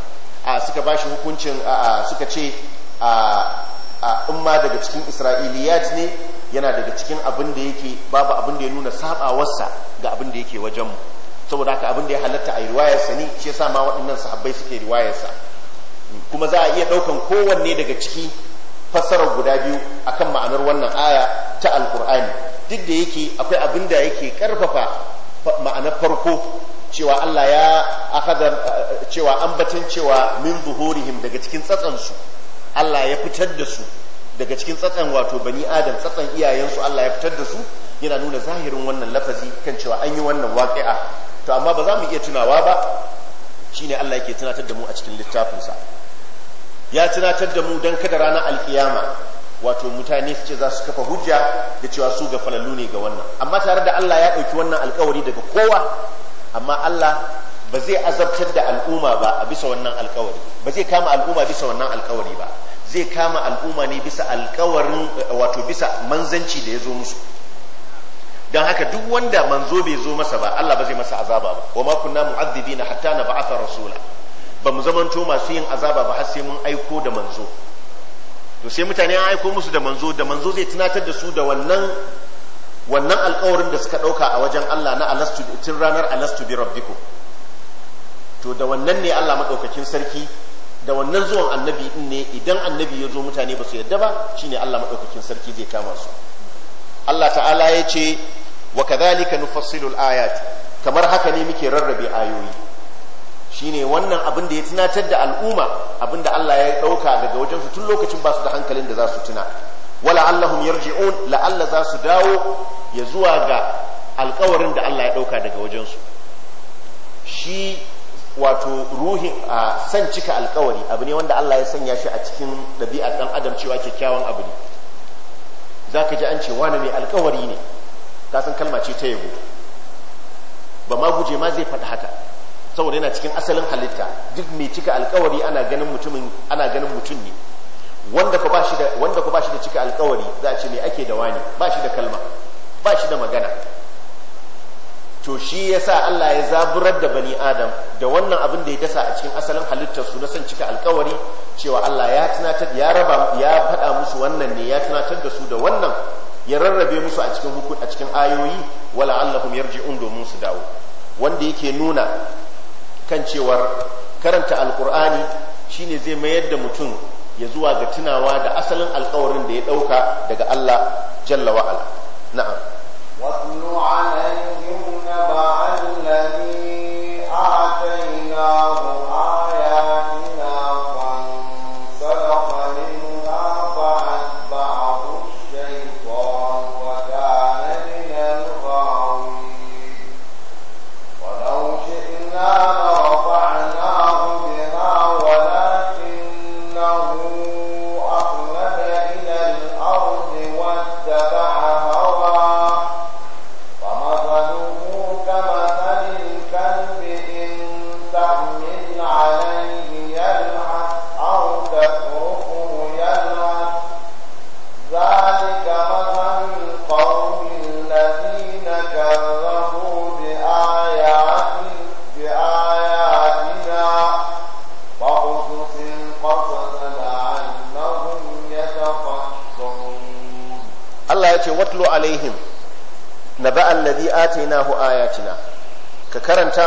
a suka bashi hukuncin suka ce a in ma daga cikin isra'iliyat ne yana daga cikin abin da yake babu abin da ya nuna sabawarsa ga abin da yake wajen mu saboda haka abin da ya halatta a riwayar sa ne shi yasa ma waɗannan sahabbai suke riwayar sa kuma za a iya ɗaukan kowanne daga ciki fassarar guda biyu akan ma'anar wannan aya ta alkur'ani duk da yake akwai abin da yake karfafa ma'anar farko cewa Allah ya akadar cewa ambatan cewa min zuhurihim daga cikin tsatsansu Allah ya fitar da su daga cikin tsatsan wato bani adam tsatsan iyayensu Allah ya fitar da su yana nuna zahirin wannan lafazi kan cewa an yi wannan waƙi'a to amma ba za mu iya tunawa ba Shi ne Allah yake tunatar da mu a cikin littafinsa ya tunatar da mu don kada ranar alkiyama wato mutane su ce za su kafa hujja da cewa su ga falallu ne ga wannan amma tare da Allah ya ɗauki wannan alkawari daga kowa amma Allah ba zai azabtar da al'umma ba a bisa wannan alkawari ba zai kama al'umma bisa wannan alkawari ba zai kama al'umma ne bisa alkawarin wato bisa manzanci da ya zo musu dan haka duk wanda manzo bai zo masa ba Allah ba zai masa azaba ba wa ma kunna mu'azzibina hatta na rasula ba mu zamanto masu yin azaba ba har sai mun aiko da manzo to sai mutane an aiko musu da manzo da manzo zai tunatar da su da wannan wannan alƙawarin da suka ɗauka a wajen Allah na alastu tun ranar alastu bi rabbiku to da wannan ne Allah maɗaukakin sarki da wannan zuwan annabi ne idan annabi ya zo mutane ba su yadda ba shine Allah maɗaukakin sarki zai kama su Allah ta'ala ya ce wa kadhalika nufassilul ayat kamar haka ne muke rarrabe ayoyi shine wannan abin da ya tunatar da al'umma abin da Allah ya dauka daga wajen su tun lokacin ba su da hankalin da za su tuna wala allahum yarji'un la alla za su dawo ya zuwa ga alkawarin da Allah ya dauka daga wajen su shi wato ruhin a san cika alkawari abu ne wanda Allah ya sanya shi a cikin dabi'ar ɗan adam cewa kyakkyawan abu ne za ka ji an ce wane mai alkawari ne san kalma ce ta yabo ba ma guje ma zai faɗi haka saboda yana cikin asalin halitta duk mai cika alkawari ana ganin mutumin ana ganin mutum ne wanda ka ba shi da cika alkawari za a ce mai ake da wani ba shi da kalma ba shi da magana to shi ya sa Allah ya zaburar da bani adam da wannan abin da ya dasa a cikin asalin halittar su na son cika alkawari cewa Allah ya tunatar ya raba ya faɗa musu wannan ne ya tunatar da su da wannan ya rarrabe musu a cikin hukun a cikin ayoyi wala allahum yarji'un domin su dawo wanda yake nuna kan cewar karanta alkur'ani shine zai mayar da mutum ya zuwa ga tunawa da asalin alkawarin da ya dauka daga Allah jalla wa'ala na'am الذين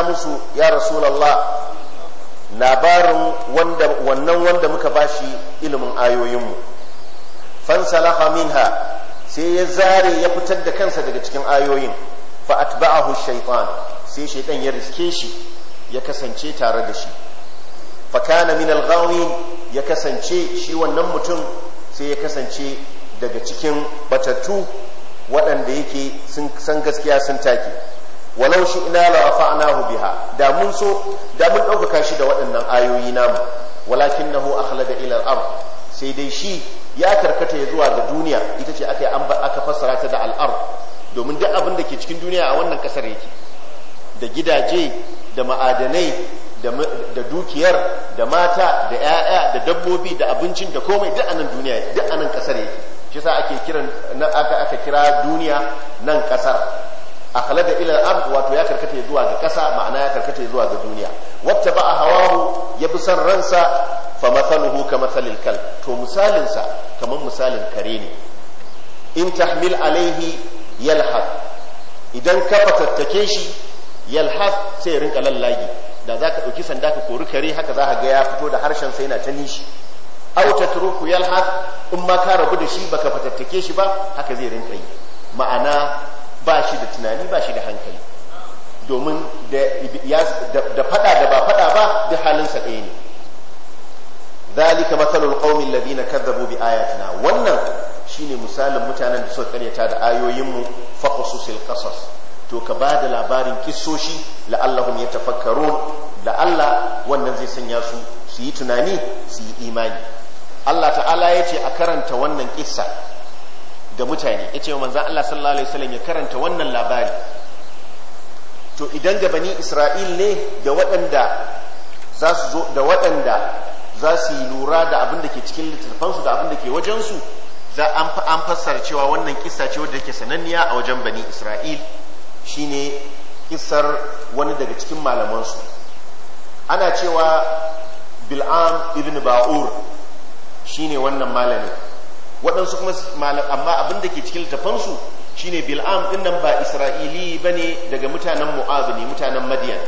musu ya rasulallah labarin wannan wanda muka bashi ilimin ayoyinmu fansalaha minha sai ya zare ya fitar da kansa daga cikin ayoyin fa atba'ahu shaytan sai shaytan ya riske shi ya kasance tare da shi fa kana min al ya kasance shi wannan mutum sai ya kasance daga cikin batattu waɗanda yake sun san gaskiya sun take walau shi ina la rafa'nahu biha da mun so da mun ɗaukaka shi da waɗannan ayoyi namu walakinahu akhlada ila al-ard sai dai shi ya karkata ya zuwa ga duniya ita ce aka aka fassara ta da al-ard domin duk abin da ke cikin duniya a wannan kasar yake da gidaje da ma'adanai da dukiyar da mata da 'ya'ya da dabbobi da abincin da komai duk anan duniya duk anan kasar yake shi sa ake kiran aka kira duniya nan kasar akhlada ila ilal ard wato ya karkata zuwa ga kasa ma'ana ya karkata zuwa ga duniya wata ba a hawahu ya fi san ransa fa mathaluhu ka mathalil kal to misalin sa kaman misalin kare ne in tahmil alaihi yalhad idan ka fatattake shi yalhad sai rinka lallagi da zaka ɗauki sanda ka kori kare haka za ka ga ya fito da harshen sai na ta nishi aw tatruku yalhad in ma ka rabu da shi baka fatattake shi ba haka zai rinka yi ma'ana ba shi da tunani ba shi da hankali domin da faɗa da ba faɗa ba da halinsa ɗaya ne zalika matsalul qaumin ladina kadzabu bi ayatina wannan shine misalin mutanen da suka karyata da ayoyinmu fa qasusil qasas to ka ba da labarin kissoshi la'allahum yatafakkarun da Allah wannan zai sanya su su yi tunani su yi imani Allah ta'ala ya ce a karanta wannan kissa ga mutane ya ce manzan Allah sallallahu alaihi wasallam ya karanta wannan labari to idan ga bani isra'il ne ga waɗanda za su zo da waɗanda za su yi lura da abin da ke cikin littattafansu da abin da ke wajensu za an fassara cewa wannan kisa ce wadda ke sananniya a wajen bani isra'il shine kisar wani daga cikin malamansu ana cewa bil'am ibn ba'ur shine wannan malamin waɗansu kuma malam amma abin da ke cikin littafansu shine bil'am din nan ba isra'ili ba ne daga mutanen mu'ab ne mutanen madiyan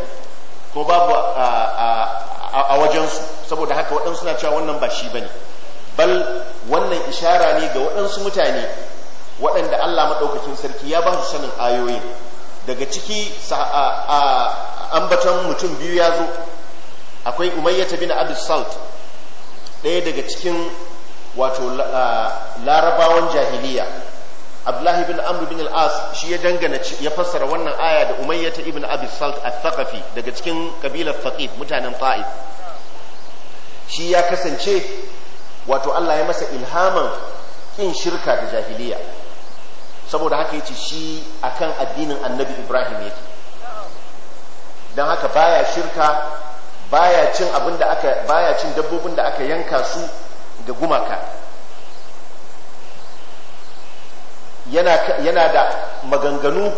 ko babu a wajensu saboda haka waɗansu na cewa wannan ba shi bane bal wannan ishara ne ga waɗansu mutane waɗanda Allah maɗaukacin sarki ya ba su sanin ayoyin daga ciki ambaton mutum biyu ya zo akwai umayyata bin abu salt ɗaya daga cikin wato larabawan jahiliya abdullahi bin amr bin al-as shi ya dangana ya fassara wannan aya da umayyata ibn abi salt al-thaqafi daga cikin kabilar faqif mutanen fa'id shi ya kasance wato Allah ya masa ilhaman kin shirka da jahiliya saboda haka yace shi akan addinin annabi ibrahim yake dan haka baya shirka baya cin abin da aka baya cin dabbobin da aka yanka su Da gumaka yana da maganganu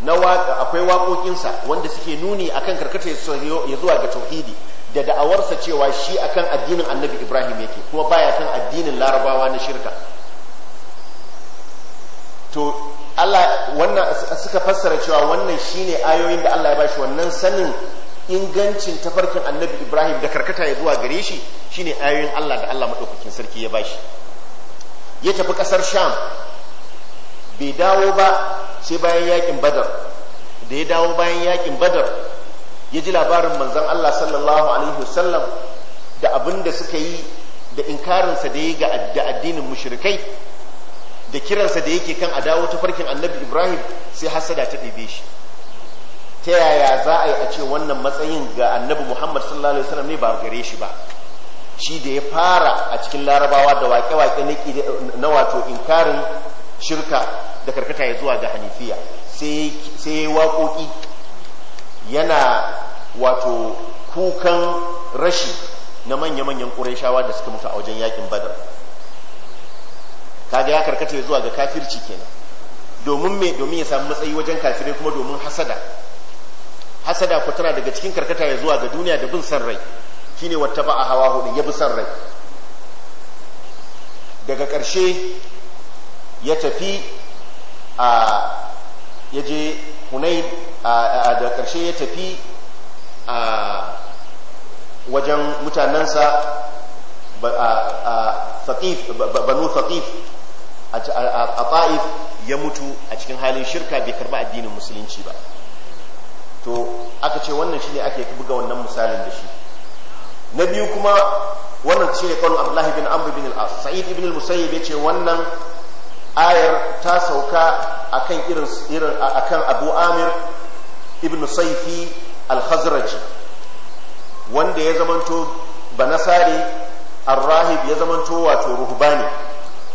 na akwai waƙoƙinsa wanda suke nuni akan karkata ya zuwa ga tauhidi da da'awarsa cewa shi kan addinin annabi ibrahim yake kuma baya kan addinin larabawa na shirka to Allah wannan suka fassara cewa wannan shine ayoyin da Allah ya bashi wannan sanin ingancin tafarkin annabi ibrahim da karkata ya zuwa gare shi shine ayoyin allah da allah maɗaukakin sarki ya shi. ya tafi ƙasar sham bai dawo ba sai bayan yakin badar da ya dawo bayan yakin badar ya ji labarin manzon allah sallallahu alaihi wasallam da abin da suka yi da inkarinsa da ya ga addinin mushirikai, da kiransa da yake kan a dawo tafarkin annabi ibrahim sai hasada ta ɗebe shi ta yaya za a yi a ce wannan matsayin ga annabi muhammad sallallahu alaihi wasallam ne ba gare shi ba shi da ya fara a cikin larabawa da waƙe-waƙe na wato inkarin shirka da karkata ya zuwa ga hanifiya sai ya waƙoƙi yana wato kukan rashi na manya-manyan ƙureshawa da suka mutu a wajen yakin badar kaga ya karkata ya zuwa ga kafirci kenan domin ya samu matsayi wajen kafirai kuma domin hasada hasada ku tana daga cikin karkata ya zuwa ga duniya da bin san rai shine wata ba a hawa hudu ya bi san rai daga ƙarshe ya tafi a ya je da ƙarshe ya tafi a wajen mutanensa banu faƙif a ta'if ya mutu a cikin halin shirka bai karba addinin musulunci ba to aka ce wannan shi ne ake buga wannan misalin da shi na biyu kuma wannan shine kwallon Abdullahi bin Amur bin al Sa'id ibn al-Musayyib ce wannan ayar ta sauka kan irin irin kan Abu Amir ibn Saifi al-Khazraji wanda ya zamanto banasari ar-rahib ya zamanto wato Ruhuba ne.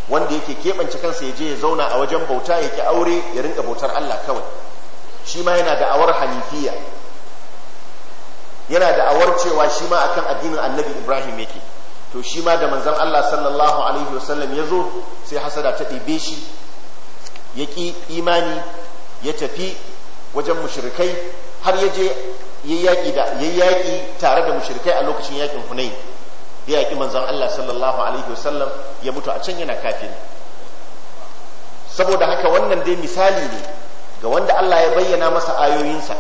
wanda yake keɓance kansa ya je ya zauna a wajen bauta ya ki aure ya rinka bautar Allah kawai shi ma yana da'awar hanifiya yana da'awar cewa shi ma akan addinin annabi ibrahim yake to shi ma da manzan allah sallallahu alaihi wasallam ya zo sai hasada ta ɗebe shi ya ƙi imani ya tafi wajen mushrikai har ya je ya yaƙi tare da mushrikai a lokacin yaƙin hunai ya yaƙi manzan allah sallallahu alaihi wasallam ya mutu a can yana kafin saboda haka wannan dai misali ne ga wanda Allah ya bayyana masa ayoyinsa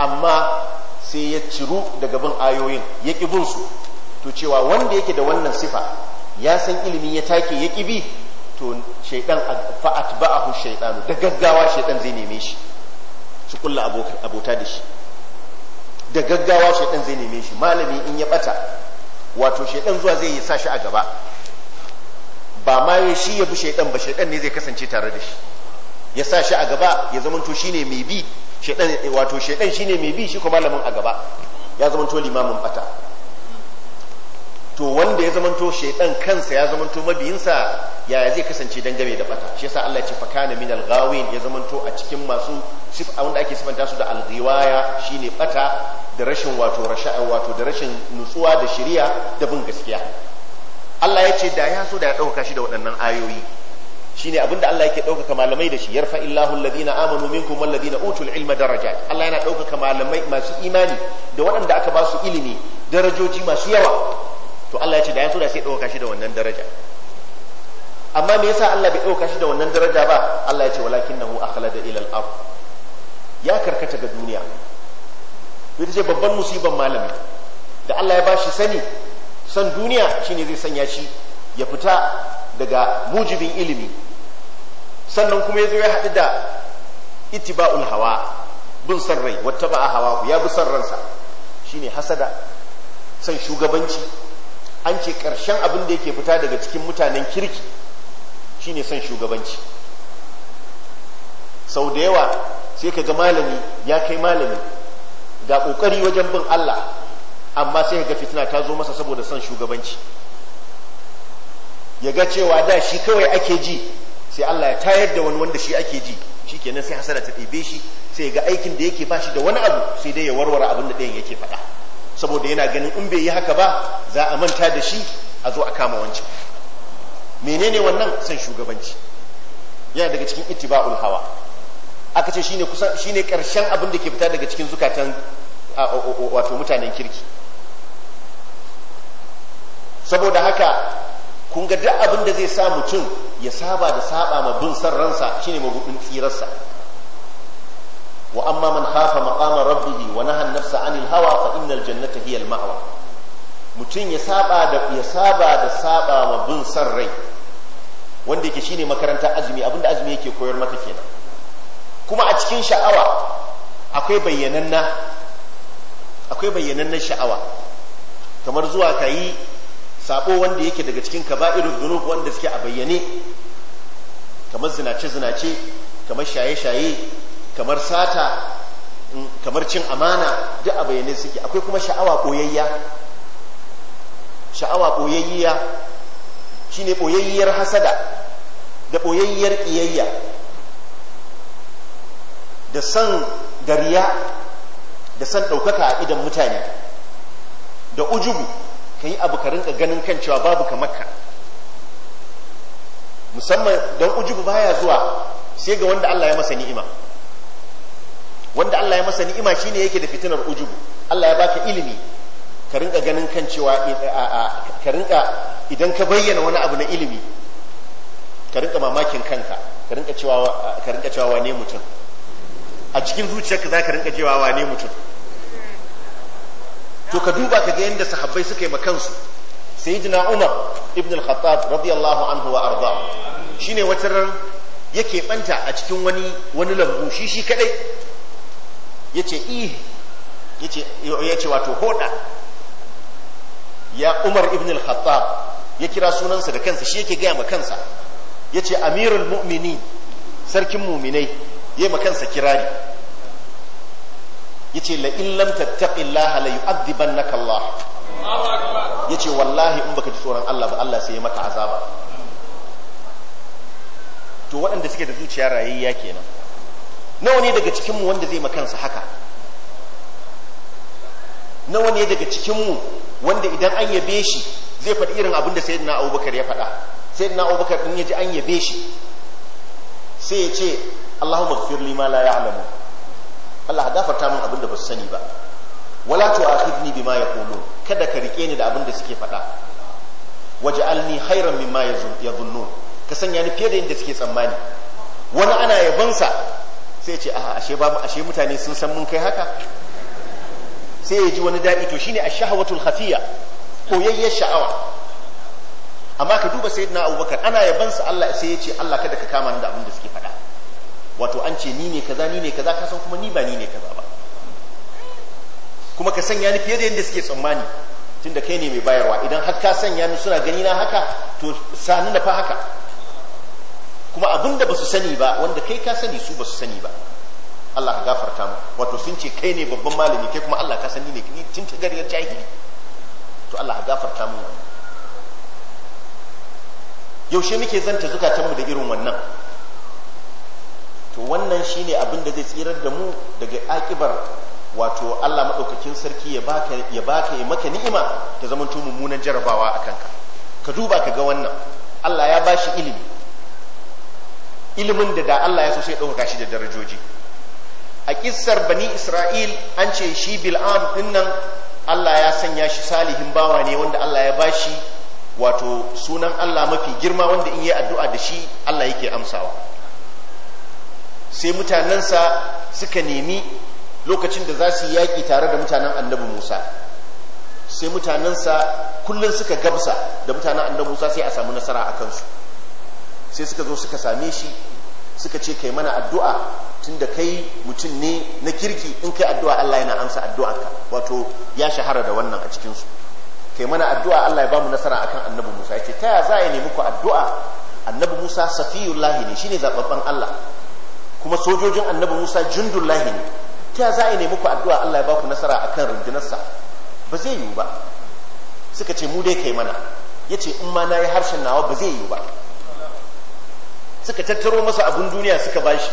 amma sai ya ciru daga bin ayoyin ya ƙi bin su to cewa wanda yake da wannan sifa ya san ilimin ya take ya ƙi bi to shaidan fa'at hun shaidanu da gaggawa shaidan zai neme shi su kulla abota da shi da gaggawa shaidan zai neme shi malami in ya bata wato shaidan zuwa zai sa shi a gaba ba ma shi ya bi shaidan ba shaidan ne zai kasance tare da shi ya sa shi a gaba ya to shine mai bi shedan wato shedan shine mai bi shi ko malamin a gaba ya to limamin bata to wanda ya zamanto shedan kansa ya zamanto mabiyinsa yaya zai kasance dangane da bata shi yasa Allah ya ce fakana min al-ghawin ya zamanto a cikin masu sif wanda ake sifanta su da al-ghiwaya shine bata da rashin wato rasha'a wato da rashin nutsuwa da shari'a da bin gaskiya Allah ya ce da ya so da ya dauka shi da waɗannan ayoyi shine abinda Allah yake ɗaukaka malamai da shi yarfa illahu alladhina amanu minkum walladhina utul ilma darajat Allah yana ɗaukaka malamai masu imani da waɗanda aka ba su ilimi darajoji masu yawa to Allah ya ce da ya tura sai ɗaukaka shi da wannan daraja amma me yasa Allah bai dauka shi da wannan daraja ba Allah ya ce walakinahu akhlada ila al-ard ya karkata ga duniya ita ce babban musiban malami da Allah ya bashi sani san duniya shine zai sanya shi ya fita daga mujibin ilimi sannan kuma ya zo ya haɗu da itiba'ul hawa bin san rai wata ba a hawa ya bi san ransa shine hasada san shugabanci an ce ƙarshen abin da yake fita daga cikin mutanen kirki shine san shugabanci sau da yawa sai ka ga malami ya kai malami ga ƙoƙari wajen bin Allah amma sai ga fitina ta zo masa saboda son shugabanci ya ga cewa da shi kawai ake ji sai Allah ya tayar da wani wanda shi ake ji shi kenan sai hasara ta ɗebe shi sai ga aikin da yake ba shi da wani abu sai dai ya warware abin da ɗayan yake faɗa saboda yana ganin in bai yi haka ba za a manta da shi a zo a kama wancan menene wannan san shugabanci yana daga cikin ittiba'ul hawa aka ce shine kusan shine karshen abin da ke fita daga cikin zukatan wato mutanen kirki saboda haka kun ga duk abin da zai sa mutum ya saba da saba ma bin san ransa shine mabudin tsirarsa wa amma man khafa maqama rabbih wa naha an-nafsa 'anil hawa fa innal jannata hiya al-ma'wa mutun ya saba da ya saba da saba ma bin san rai wanda yake shine makarantar azumi abinda azumi yake koyar maka kenan kuma a cikin sha'awa akwai bayyananna akwai sha'awa kamar zuwa kayi sabo wanda yake daga cikin kaba'irul zunub wanda suke a bayyane kamar zinace zinace kamar shaye shaye kamar sata mm, kamar cin amana duk a bayyane suke akwai kuma sha'awa koyayya sha'awa koyayya shine koyayyar hasada da koyayyar kiyayya da san gariya da san ɗaukaka a idan mutane da ujubu ka yi abu ka rinka ganin kan cewa babu ka makka musamman don ujubu baya zuwa sai ga wanda Allah ya masa ni'ima wanda Allah ya masa ni'ima shine yake da fitinar ujubu Allah ya baka ilimi ka rinka ganin kan cewa eh, eh, ka rinka idan ka bayyana wani abu na ilimi ka rinka mamakin kanka ka rinka cewa ka rinka cewa wane mutum a cikin zuciyarka za ka rinka cewa wane mutum to ka duba ka ga yadda sahabbai suka yi makansu sayyidina umar ibn al-khattab radiyallahu anhu wa arda shine wata ran yake banta a cikin wani wani lambu shi shi kadai yace ih yace yace wato hoda ya umar ibn al-khattab ya kira sunansa da kansa shi yake gaya ma kansa yace amirul mu'minin sarkin mu'minai yayi ma kansa kirari yace la illam tattaqillaha la yu'adhibannaka Allah yace wallahi in baka ji tsoron Allah ba Allah sai ya maka azaba to waɗanda suke da zuciya rayayya kenan nawa ne daga cikinmu wanda zai makansa haka nawa ne daga cikinmu wanda idan an yabe shi zai faɗi irin abin da sayyidina abubakar ya faɗa sayyidina abubakar in ya ji an yabe shi sai ya ce allahumma ghfir li ma la ya'lamu Allah gafarta min abin da ba su sani ba wala tu'akhidni bima yaqulun kada ka rike ni da abin da suke faɗa waj'alni khairan mimma yadhunnun ka sanya ni fiye da yadda suke tsammani wani ana yabansa sai ce a ashe ba ashe mutane sun san mun kai haka sai ya ji wani daɗi to shine ash-shahawatul khafiya koyayyar sha'awa amma ka duba sayyidina abubakar ana yabansa Allah sai ya ce Allah kada ka kama ni da abin da suke faɗa wato an ce ni ne kaza ni ne kaza ka san kuma ni ba ni ne kaza ba kuma ka sanya ni fiye da yadda suke tsammani tunda kai ne mai bayarwa idan har ka sanya ni suna gani na haka to sani na fa haka kuma abin da ba su sani ba wanda kai ka sani su ba su sani ba Allah ka gafarta mu wato sun ce kai ne babban malami kai kuma Allah ka sani ne ni tun ta gariyar jahili to Allah ka gafarta mu yaushe muke zanta zukatanmu da irin wannan to wannan shine abin da zai tsirar da mu daga akibar wato Allah maɗaukakin sarki ya baka ya baka maka ni'ima ta zama to mummunan jarabawa a ka ka duba ka ga wannan Allah ya bashi ilimi ilimin da da Allah ya so sai ɗauka shi da darajoji a kissar bani Isra'il an ce shi Bil'am dinnan Allah ya sanya shi salihin bawa ne wanda Allah ya bashi wato sunan Allah mafi girma wanda in yi addu'a da shi Allah yake amsawa sai mutanensa suka nemi lokacin da za su yi yaƙi tare da mutanen annabi musa sai mutanensa kullum suka gabsa da mutanen annabi musa sai a samu nasara a kansu sai suka zo suka same shi suka ce kai mana addu'a tunda kai mutum ne na kirki in kai addu'a Allah yana amsa ka, wato ya shahara da wannan a cikinsu kai mana addu'a Allah ya bamu nasara akan annabi Musa ya ce ta ya za ya nemi ku addu'a annabi Musa safiyullahi ne shi ne zaɓaɓɓen Allah kuma sojojin annabi musa jundullahi ne ta za a yi muku addu'a allah ya baku nasara akan rundunarsa ba zai yiwu ba suka ce mu dai kai mana ya ce in ma na yi harshen nawa ba zai yiwu ba suka tattaro masa abin duniya suka ba shi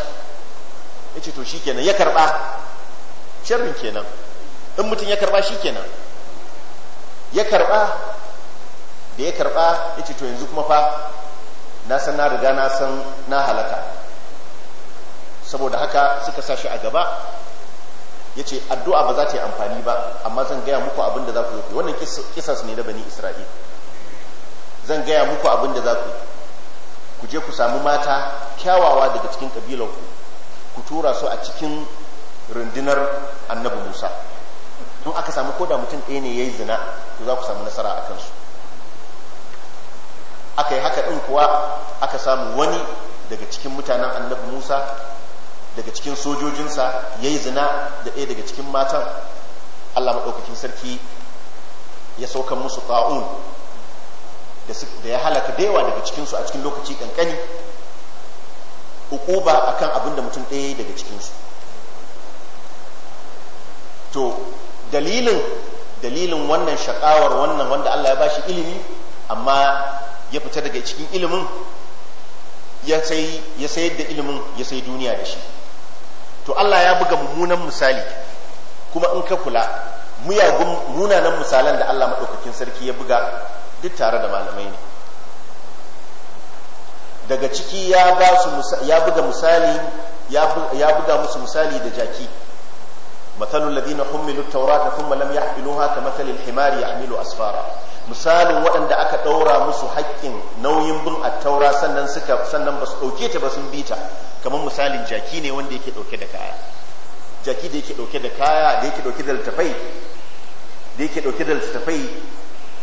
ya ce to shi kenan ya karba sharrin kenan in mutum ya karba shi kenan ya karba da ya karba ya ce to yanzu kuma fa na san na riga na san na halaka saboda haka suka sashi a gaba ya ce addu'a ba za ta yi amfani ba amma zan gaya muku abin da za ku yi wannan kisas ne na bani isra'il zan gaya muku abin da za ku yi ku je ku samu mata kyawawa daga cikin ƙabilanku ku tura su a cikin rundunar annabi musa in aka samu da mutum ɗaya ne ya yi zina ku za ku samu nasara a kansu aka yi haka ɗin kuwa aka samu wani daga cikin mutanen annabi musa daga cikin sojojinsa ya yi zina da ɗaya daga cikin matan allah maɗaukakin sarki ya saukan musu ƙa'un da ya halaka da yawa daga cikinsu a cikin lokaci ƙanƙani a akan abin da mutum ɗaya daga cikinsu to dalilin dalilin wannan shaƙawar wannan wanda allah ya bashi ilimi amma ya fita daga cikin ilimin ya sayar da ilimin ya sai duniya da shi to Allah ya buga mummunan misali kuma in ka kula muyagun munanan misalan da Allah maɗaukakin sarki ya buga duk tare da malamai ne daga ciki ya buga misali ya buga musu misali da jaki مثل الذين حملوا التوراة ثم لم يحملوها كمثل الحمار يحمل أسفارا misalin waɗanda aka ɗaura musu hakkin nauyin bin attaura sannan suka sannan ba su ɗauke ta ba sun kamar misalin jaki ne wanda yake ɗauke da kaya jaki da yake ɗauke da kaya da yake ɗauke da littafai da yake ɗauke da littafai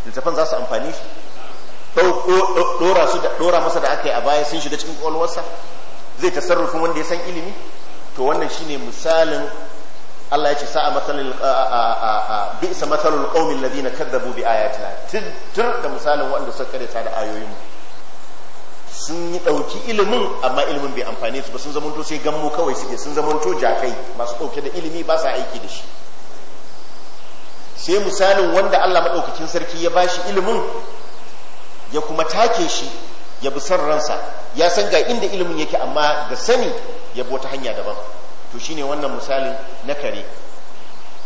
littafan za su ɗora masa da aka yi a baya sun shiga cikin ƙwaƙwalwarsa zai tasarrufin wanda ya san ilimi to wannan shine misalin Allah ya ce sa'a matsalin bi'sa matsalin qaumin ladina kadzabu bi ayatina tuntur da misalin waɗanda suka kare da ayoyin sun yi ɗauki ilimin amma ilimin bai amfani su ba sun zamanto sai gammo kawai suke sun zamanto jakai masu ɗauke da ilimi ba sa aiki da shi sai misalin wanda Allah maɗaukakin sarki ya ba shi ilimin ya kuma take shi ya bi son ransa ya san ga inda ilimin yake amma da sani ya bi wata hanya daban to shi ne wannan misali na kare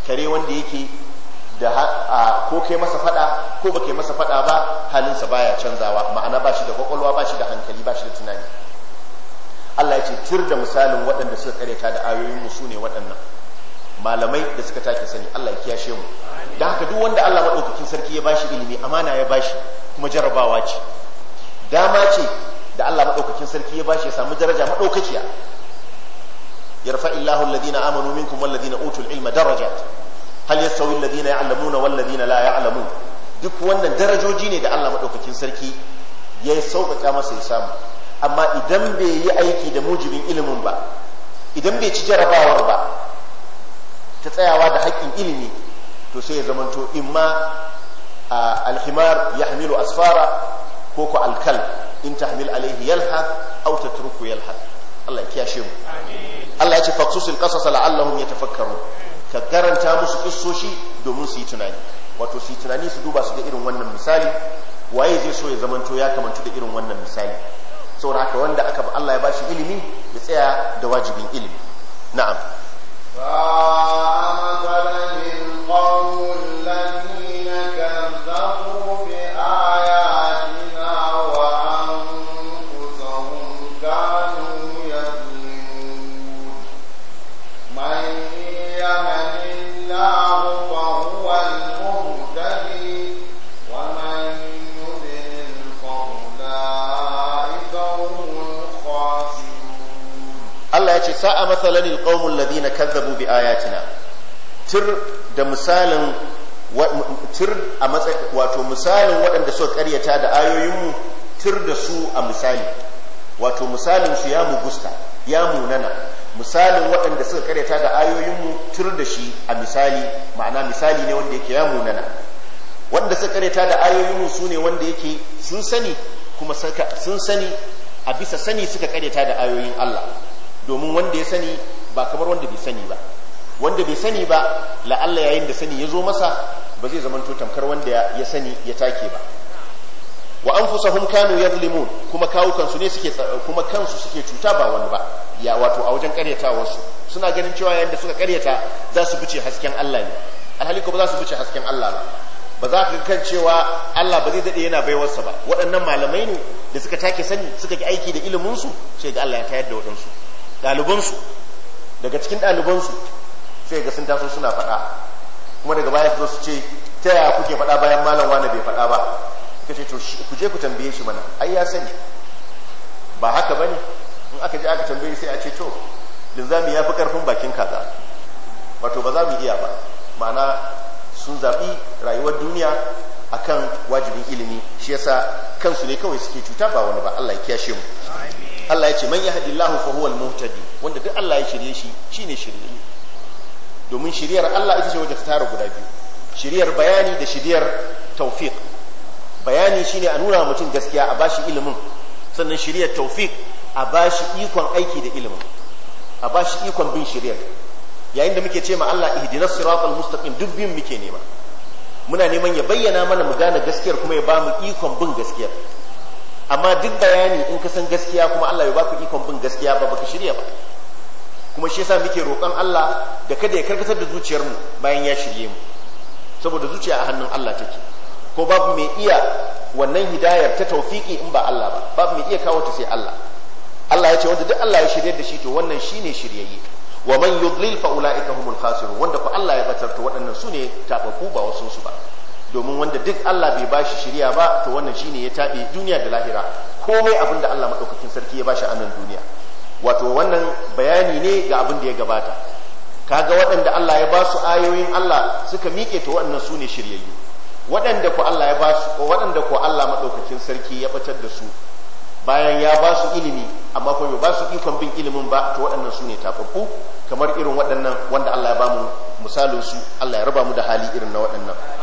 kare wanda yake da ko kai masa fada ko ba kai masa fada ba halinsa baya canzawa ma'ana ba shi da kwakwalwa ba shi da hankali ba shi da tunani Allah ya ce tir da misalin waɗanda suka karyata da ayoyin mu ne waɗannan malamai da suka take sani Allah ya kiyashe mu da haka duk wanda Allah madaukakin sarki ya bashi ilimi amana ya bashi kuma jarrabawa ce dama ce da Allah madaukakin sarki ya bashi ya samu daraja madaukakiya yarfa illahu alladhina amanu minkum walladhina utul ilma darajat hal yastawi alladhina ya'lamuna walladhina la ya'lamun duk wannan darajoji ne da Allah madaukakin sarki ya sauƙaƙa masa ya samu amma idan bai yi aiki da mujibin ilimin ba idan bai ci jarabawar ba ta tsayawa da haƙƙin ilimi to sai ya zamanto imma alhimar ya hamilu asfara ko ku alkal in tahmil alaihi yalha au tatruku yalha Allah ya kiyashe mu amin Allah ya ce faqsusul qasas la'allahum tafakkaru, ka karanta musu kissoshi domin su yi tunani wato su yi tunani su duba su ga irin wannan misali waye zai so ya zamanto ya kamantu da irin wannan misali saboda haka wanda aka ba Allah ya bashi ilimi ya tsaya da wajibin ilimi na'am amana lil ce sa'a matsalar alqaumul ladina zabu bi ayatina tir da misalin tir a matsayin wato misalin waɗanda suka karyata da ayoyinmu tir da su a misali wato misalin su ya gusta ya munana misalin waɗanda suka karyata da ayoyinmu tur da shi a misali ma'ana misali ne wanda yake ya munana wanda suka karyata da ayoyinmu su ne wanda yake sun sani kuma sun sani a bisa sani suka karyata da ayoyin Allah domin wanda ya sani ba kamar wanda bai sani ba wanda bai sani ba la'alla yayin da sani ya zo masa ba zai zamanto tamkar wanda ya sani ya take ba wa anfusahum kanu yadhlimun kuma kawo kansu ne suke kuma kansu suke cuta ba wani ba ya wato a wajen karyatawar su suna ganin cewa yayin da suka karyata za su bice hasken Allah ne alhali ko ba za su bice hasken Allah ba ba za ka kan cewa Allah ba zai dade yana baiwarsa sa ba waɗannan malamai ne da suka take sani suka ki aiki da ilimin su sai ga Allah ya tayar da waɗansu Dalibansu daga cikin dalibansu, sai ga sun taso suna faɗa kuma daga baya su su ce ta yaya kuke faɗa bayan malam wani bai faɗa ba kace to ku je ku tambaye shi mana ai ya sani ba haka bane in aka je aka tambaye sai a ce to linzami ya fi karfin bakin kaza wato ba za mu iya ba ma'ana sun zaɓi rayuwar duniya akan wajibin ilimi shi yasa kansu ne kawai suke cuta ba wani ba Allah ya kiyashe mu Allah ya ce man yahdillahu fa al muhtadi wanda duk Allah ya shirye shi shine shirye domin shiriyar Allah ita ce wadda ta tara guda biyu shiryar bayani da shiriyar tawfiq bayani shine a nuna mutum gaskiya a bashi ilimin sannan shiriyar tawfiq a bashi ikon aiki da ilimin a bashi ikon bin shiriyar. yayin da muke ce ma Allah ihdinas siratal mustaqim duk bin muke nema muna neman ya bayyana mana mu gane gaskiyar kuma ya ba mu ikon bin gaskiyar amma duk bayani in ka san gaskiya kuma Allah ya baka ikon bin gaskiya ba baka shirya ba kuma shi yasa muke roƙon Allah da kada ya karkatar da zuciyar mu bayan ya shirye mu saboda zuciya a hannun Allah take ko babu mai iya wannan hidayar ta tawfiki in ba Allah ba babu mai iya kawo ta sai Allah Allah ya ce wanda duk Allah ya shirye da shi to wannan shine shiryayye wa man yudlil fa ulaika humul khasirun wanda ko Allah ya batar to su ne tabaku ba wasu su ba domin wanda duk Allah bai ba shi shiriya ba to wannan shine ya tabe duniya da lahira komai abin da Allah madaukakin sarki ya bashi a nan duniya wato wannan bayani ne ga abin da ya gabata kaga waɗanda Allah ya ba su ayoyin Allah suka miƙe to waɗannan su ne shiryayyu waɗanda ko Allah ya ba su waɗanda ko Allah madaukakin sarki ya batar da su bayan ya ba su ilimi amma kuma ba su ikon bin ilimin ba to waɗannan su ne tafaffu kamar irin waɗannan wanda Allah ya ba mu misalin su Allah ya raba mu da hali irin na waɗannan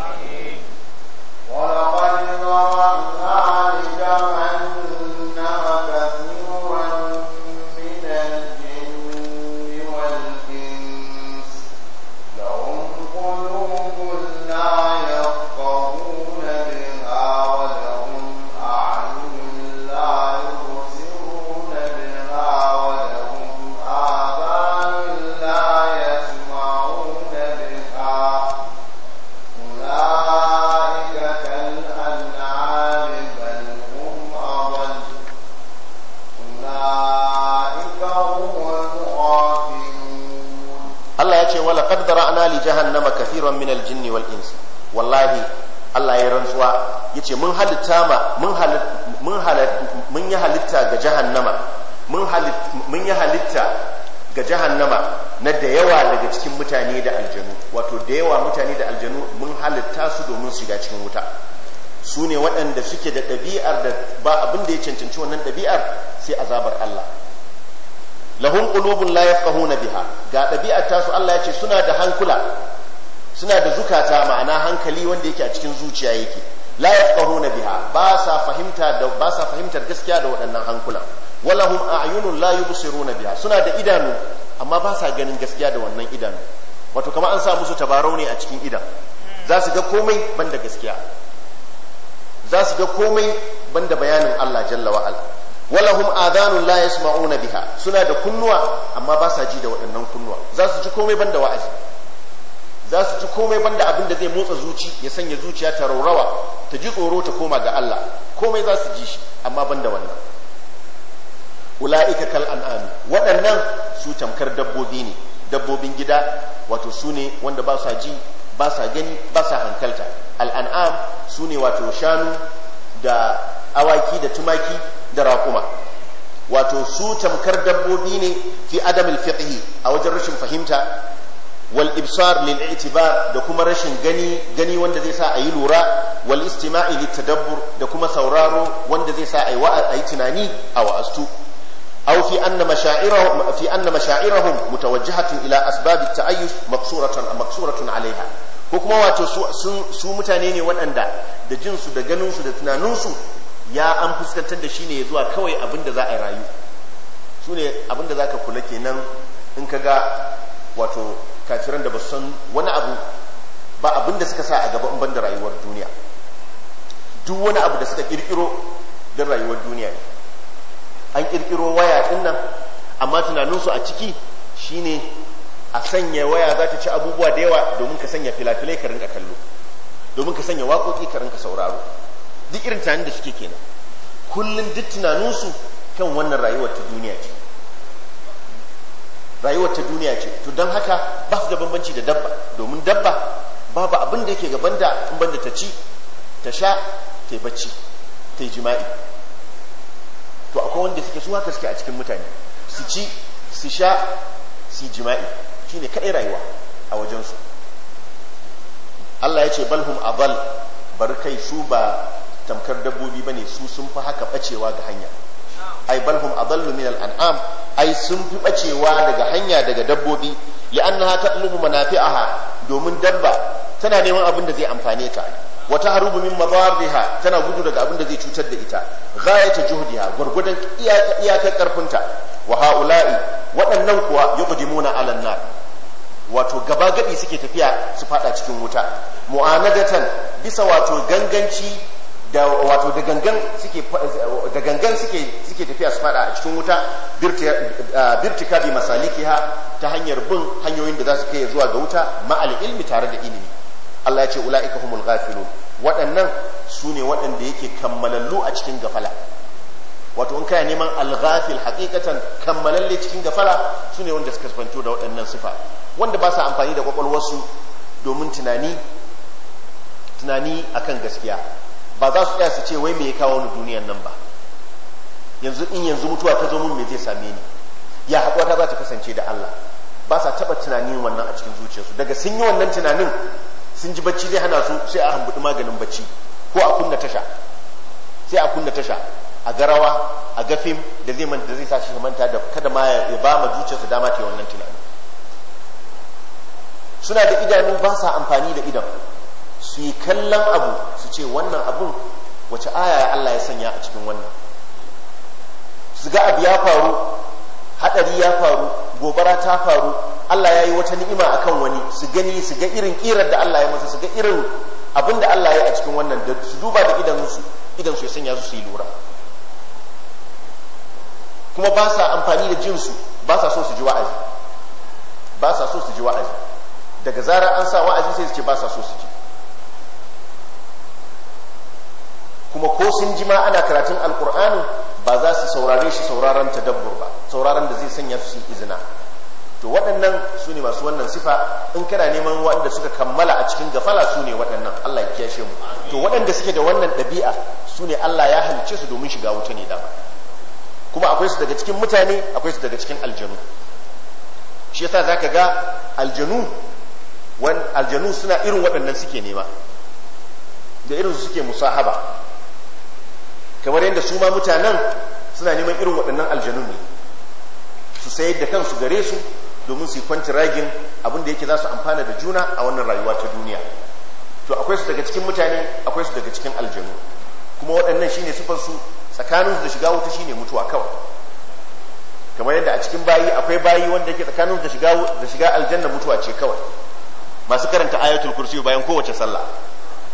cancanci wannan ɗabi'ar sai azabar Allah lahum qulubun la yafqahuna biha ga ɗabi'ar tasu Allah ya ce suna da hankula suna da zukata ma'ana hankali wanda yake a cikin zuciya yake la yafqahuna biha ba sa fahimta da ba sa fahimtar gaskiya da waɗannan hankula walahum a'yunun la yubsiruna biha suna da idanu amma ba sa ganin gaskiya da wannan idanu wato kamar an sa musu tabarau ne a cikin idan za su ga komai banda gaskiya za su ga komai banda bayanin Allah jalla wa ala walahum adhanun la yasma'una biha suna da kunnuwa amma ba sa ji da waɗannan kunnuwa za su ji komai banda wa'azi za su ji komai banda abin da zai motsa zuci ya sanya zuciya ta raurawa ta ji tsoro ta koma ga Allah komai za su ji shi amma banda wannan ula'ika kal an'ami waɗannan su tamkar dabbobi ne dabbobin gida wato su ne wanda ba sa ji ba sa gani ba sa hankalta al'an'am su ne wato shanu da awaki da tumaki da raƙuma wato su tamkar dabbobi ne fi adamil fiqhi a wajen rashin fahimta wal ibsar lil i'tibar da kuma rashin gani gani wanda zai sa ayi lura wal istima'i lit tadabbur da kuma sauraro wanda zai sa ayi ayi tunani a wa'astu aw fi anna masha'irahum fi anna mashaa'irahum mutawajjihatun ila asbab at-ta'ayyush maqsuratan maqsuratun 'alayha ko kuma wato su mutane ne waɗanda da jinsu da ganinsu da tunaninsu ya an fuskantar da shi ne zuwa kawai abin da za a rayu su ne abin da za ka kula kenan in ka ga wato kafiran da ba san wani abu ba abin da suka sa a gaba in ban da rayuwar duniya duk wani abu da suka kirkiro don rayuwar duniya ne an kirkiro waya din nan amma tunaninsu a ciki shine a sanya waya za ta ci abubuwa da yawa domin ka sanya filafilai ka rinka kallo domin ka sanya waƙoƙi ka rinka sauraro duk irin tunanin da suke kenan kullum duk tunaninsu kan wannan rayuwar ta duniya ce rayuwar ta duniya ce to don haka ba su da bambanci da dabba domin dabba babu abin da yake gaban da in banda ta ci ta sha ta yi bacci ta yi jima'i to akwai wanda suke su haka suke a cikin mutane su ci su sha su yi jima'i ne kaɗai rayuwa a wajensu Allah ya ce balhum bal, bar kai su ba tamkar dabbobi bane su sun fi haka bacewa ga hanya ai balhum adallu min anam ai sun fi bacewa daga hanya daga dabbobi li'annaha tatlubu manafi'aha domin dabba tana neman abin da zai amfane ta wa tahrubu min madarriha tana gudu daga abin da zai cutar da ita ghayata juhdiha gurgudan iyakar karfinta wa haula'i waɗannan kuwa yuqdimuna 'ala an-nar wato gaba gadi suke tafiya su fada cikin wuta mu'anadatan bisa wato ganganci da wato da gangan suke da gangan suke suke tafiya su fada a cikin wuta birtika masaliki masalikiha ta hanyar bin hanyoyin da za su kai zuwa ga wuta ma'al ilmi tare da ilimi Allah ya ce ulaika humul ghafilun waɗannan su ne waɗanda yake kammalallu a cikin gafala wato in kana neman al-ghafil haqiqatan kammalalle cikin gafala su ne wanda suka fanto da waɗannan sifa wanda ba sa amfani da kwakwalwarsu domin tunani tunani akan gaskiya ba za su tsaya su ce wai me ya kawo ni duniyan nan ba yanzu in yanzu mutuwa ta zo mun me zai same ni ya haƙuwa ta ta kasance da Allah ba sa taɓa tunanin wannan a cikin zuciyarsu daga sun yi wannan tunanin sun ji bacci zai hana su sai a hambuɗi maganin bacci ko a kunna tasha sai a kunna tasha a garawa a ga da zai manta zai sa manta da kada ma ya ba ma zuciyarsu dama ta wannan tunanin suna da idanu ba sa amfani da idan su yi kallon abu su ce wannan abun wace aya Allah ya sanya a cikin wannan su ga abu ya faru hadari ya faru gobara ta faru Allah ya yi wata ni'ima akan wani su gani su ga irin kirar da Allah ya masa su ga irin abin da Allah ya a cikin wannan da su duba da su idan su ya sanya su su yi lura kuma ba sa amfani da jinsu ba sa so su ji wa'azi ba sa so su ji wa'azi daga zarar an sa wa'azi sai su ce ba sa so su ji kuma ko sun ji ma ana karatun alkur'ani ba za su saurare shi sauraron tadabbur ba sauraron da zai sanya su izina to waɗannan su ne masu wannan sifa in kana neman waɗanda suka kammala a cikin gafala su ne waɗannan Allah ya kiyashe mu to waɗanda suke da wannan ɗabi'a su ne Allah ya halice su domin shiga wuta ne dama kuma akwai su daga cikin mutane akwai su daga cikin aljanu shi yasa zaka ga aljanu wan aljanu suna irin waɗannan suke nema da irin su suke musahaba kamar yadda su ma mutanen suna neman irin waɗannan aljanu ne su sayar da kansu gare su domin su yi kwanci abin da yake za su amfana da juna a wannan rayuwa ta duniya to akwai su daga cikin mutane akwai su daga cikin aljanu kuma waɗannan shine ne su tsakanin su da shiga wuta shine mutuwa kawai kamar yadda a cikin bayi akwai bayi wanda yake tsakanin su da shiga da shiga aljanna mutuwa ce kawai masu karanta ayatul kursi bayan kowace sallah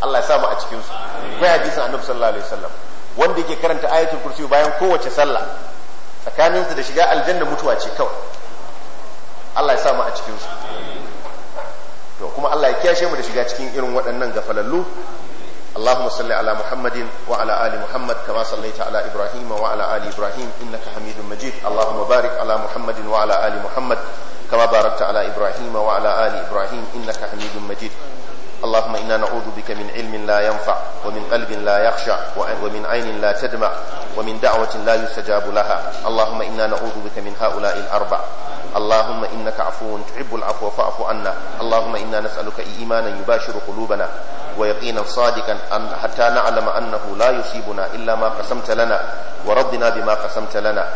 Allah ya sa mu a cikin su akwai hadisin annabi sallallahu alaihi wasallam wanda yake karanta ayatul kursi bayan kowace sallah tsakanin su da shiga aljanna mutuwa ce kawai Allah ya sa samu a cikin su to kuma Allah ya kiyashe mu da shiga cikin irin waɗannan gafalallu Allahumma salli ala Muhammadin wa ala ali Muhammad kama sallaita ala Ibrahim wa ala ali Ibrahim innaka Hamidum Majid Allahumma barik ala Muhammadin wa ala ali Muhammad kama barakta ala Ibrahim wa ala ali Ibrahim innaka Hamidum Majid Allahumma inna na'udhu bika min ilmin la yanfa' ومن قلب لا يخشع ومن عين لا تدمع ومن دعوة لا يستجاب لها اللهم إنا نعوذ بك من هؤلاء الأربع اللهم إنك عفو تحب العفو فاعف عنا اللهم إنا نسألك إيمانا يباشر قلوبنا ويقينا صادقا أن حتى نعلم أنه لا يصيبنا إلا ما قسمت لنا وردنا بما قسمت لنا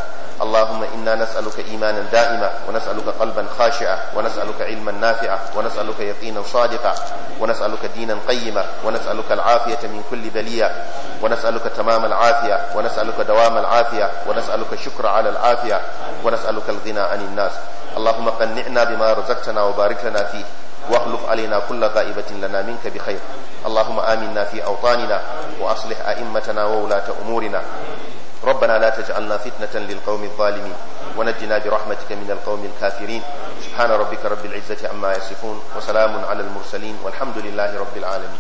اللهم إنا نسألك إيمانا دائما ونسألك قلبا خاشعا ونسألك علما نافعا ونسألك يقينا صادقا ونسألك دينا قيما ونسألك العافية من كل بلية ونسألك تمام العافية ونسألك دوام العافية ونسألك الشكر على العافية ونسألك الغنى عن الناس اللهم قنعنا بما رزقتنا وبارك لنا فيه واخلف علينا كل غائبة لنا منك بخير اللهم آمنا في أوطاننا وأصلح أئمتنا وولاة أمورنا ربنا لا تجعلنا فتنة للقوم الظالمين ونجنا برحمتك من القوم الكافرين سبحان ربك رب العزة عما يصفون وسلام على المرسلين والحمد لله رب العالمين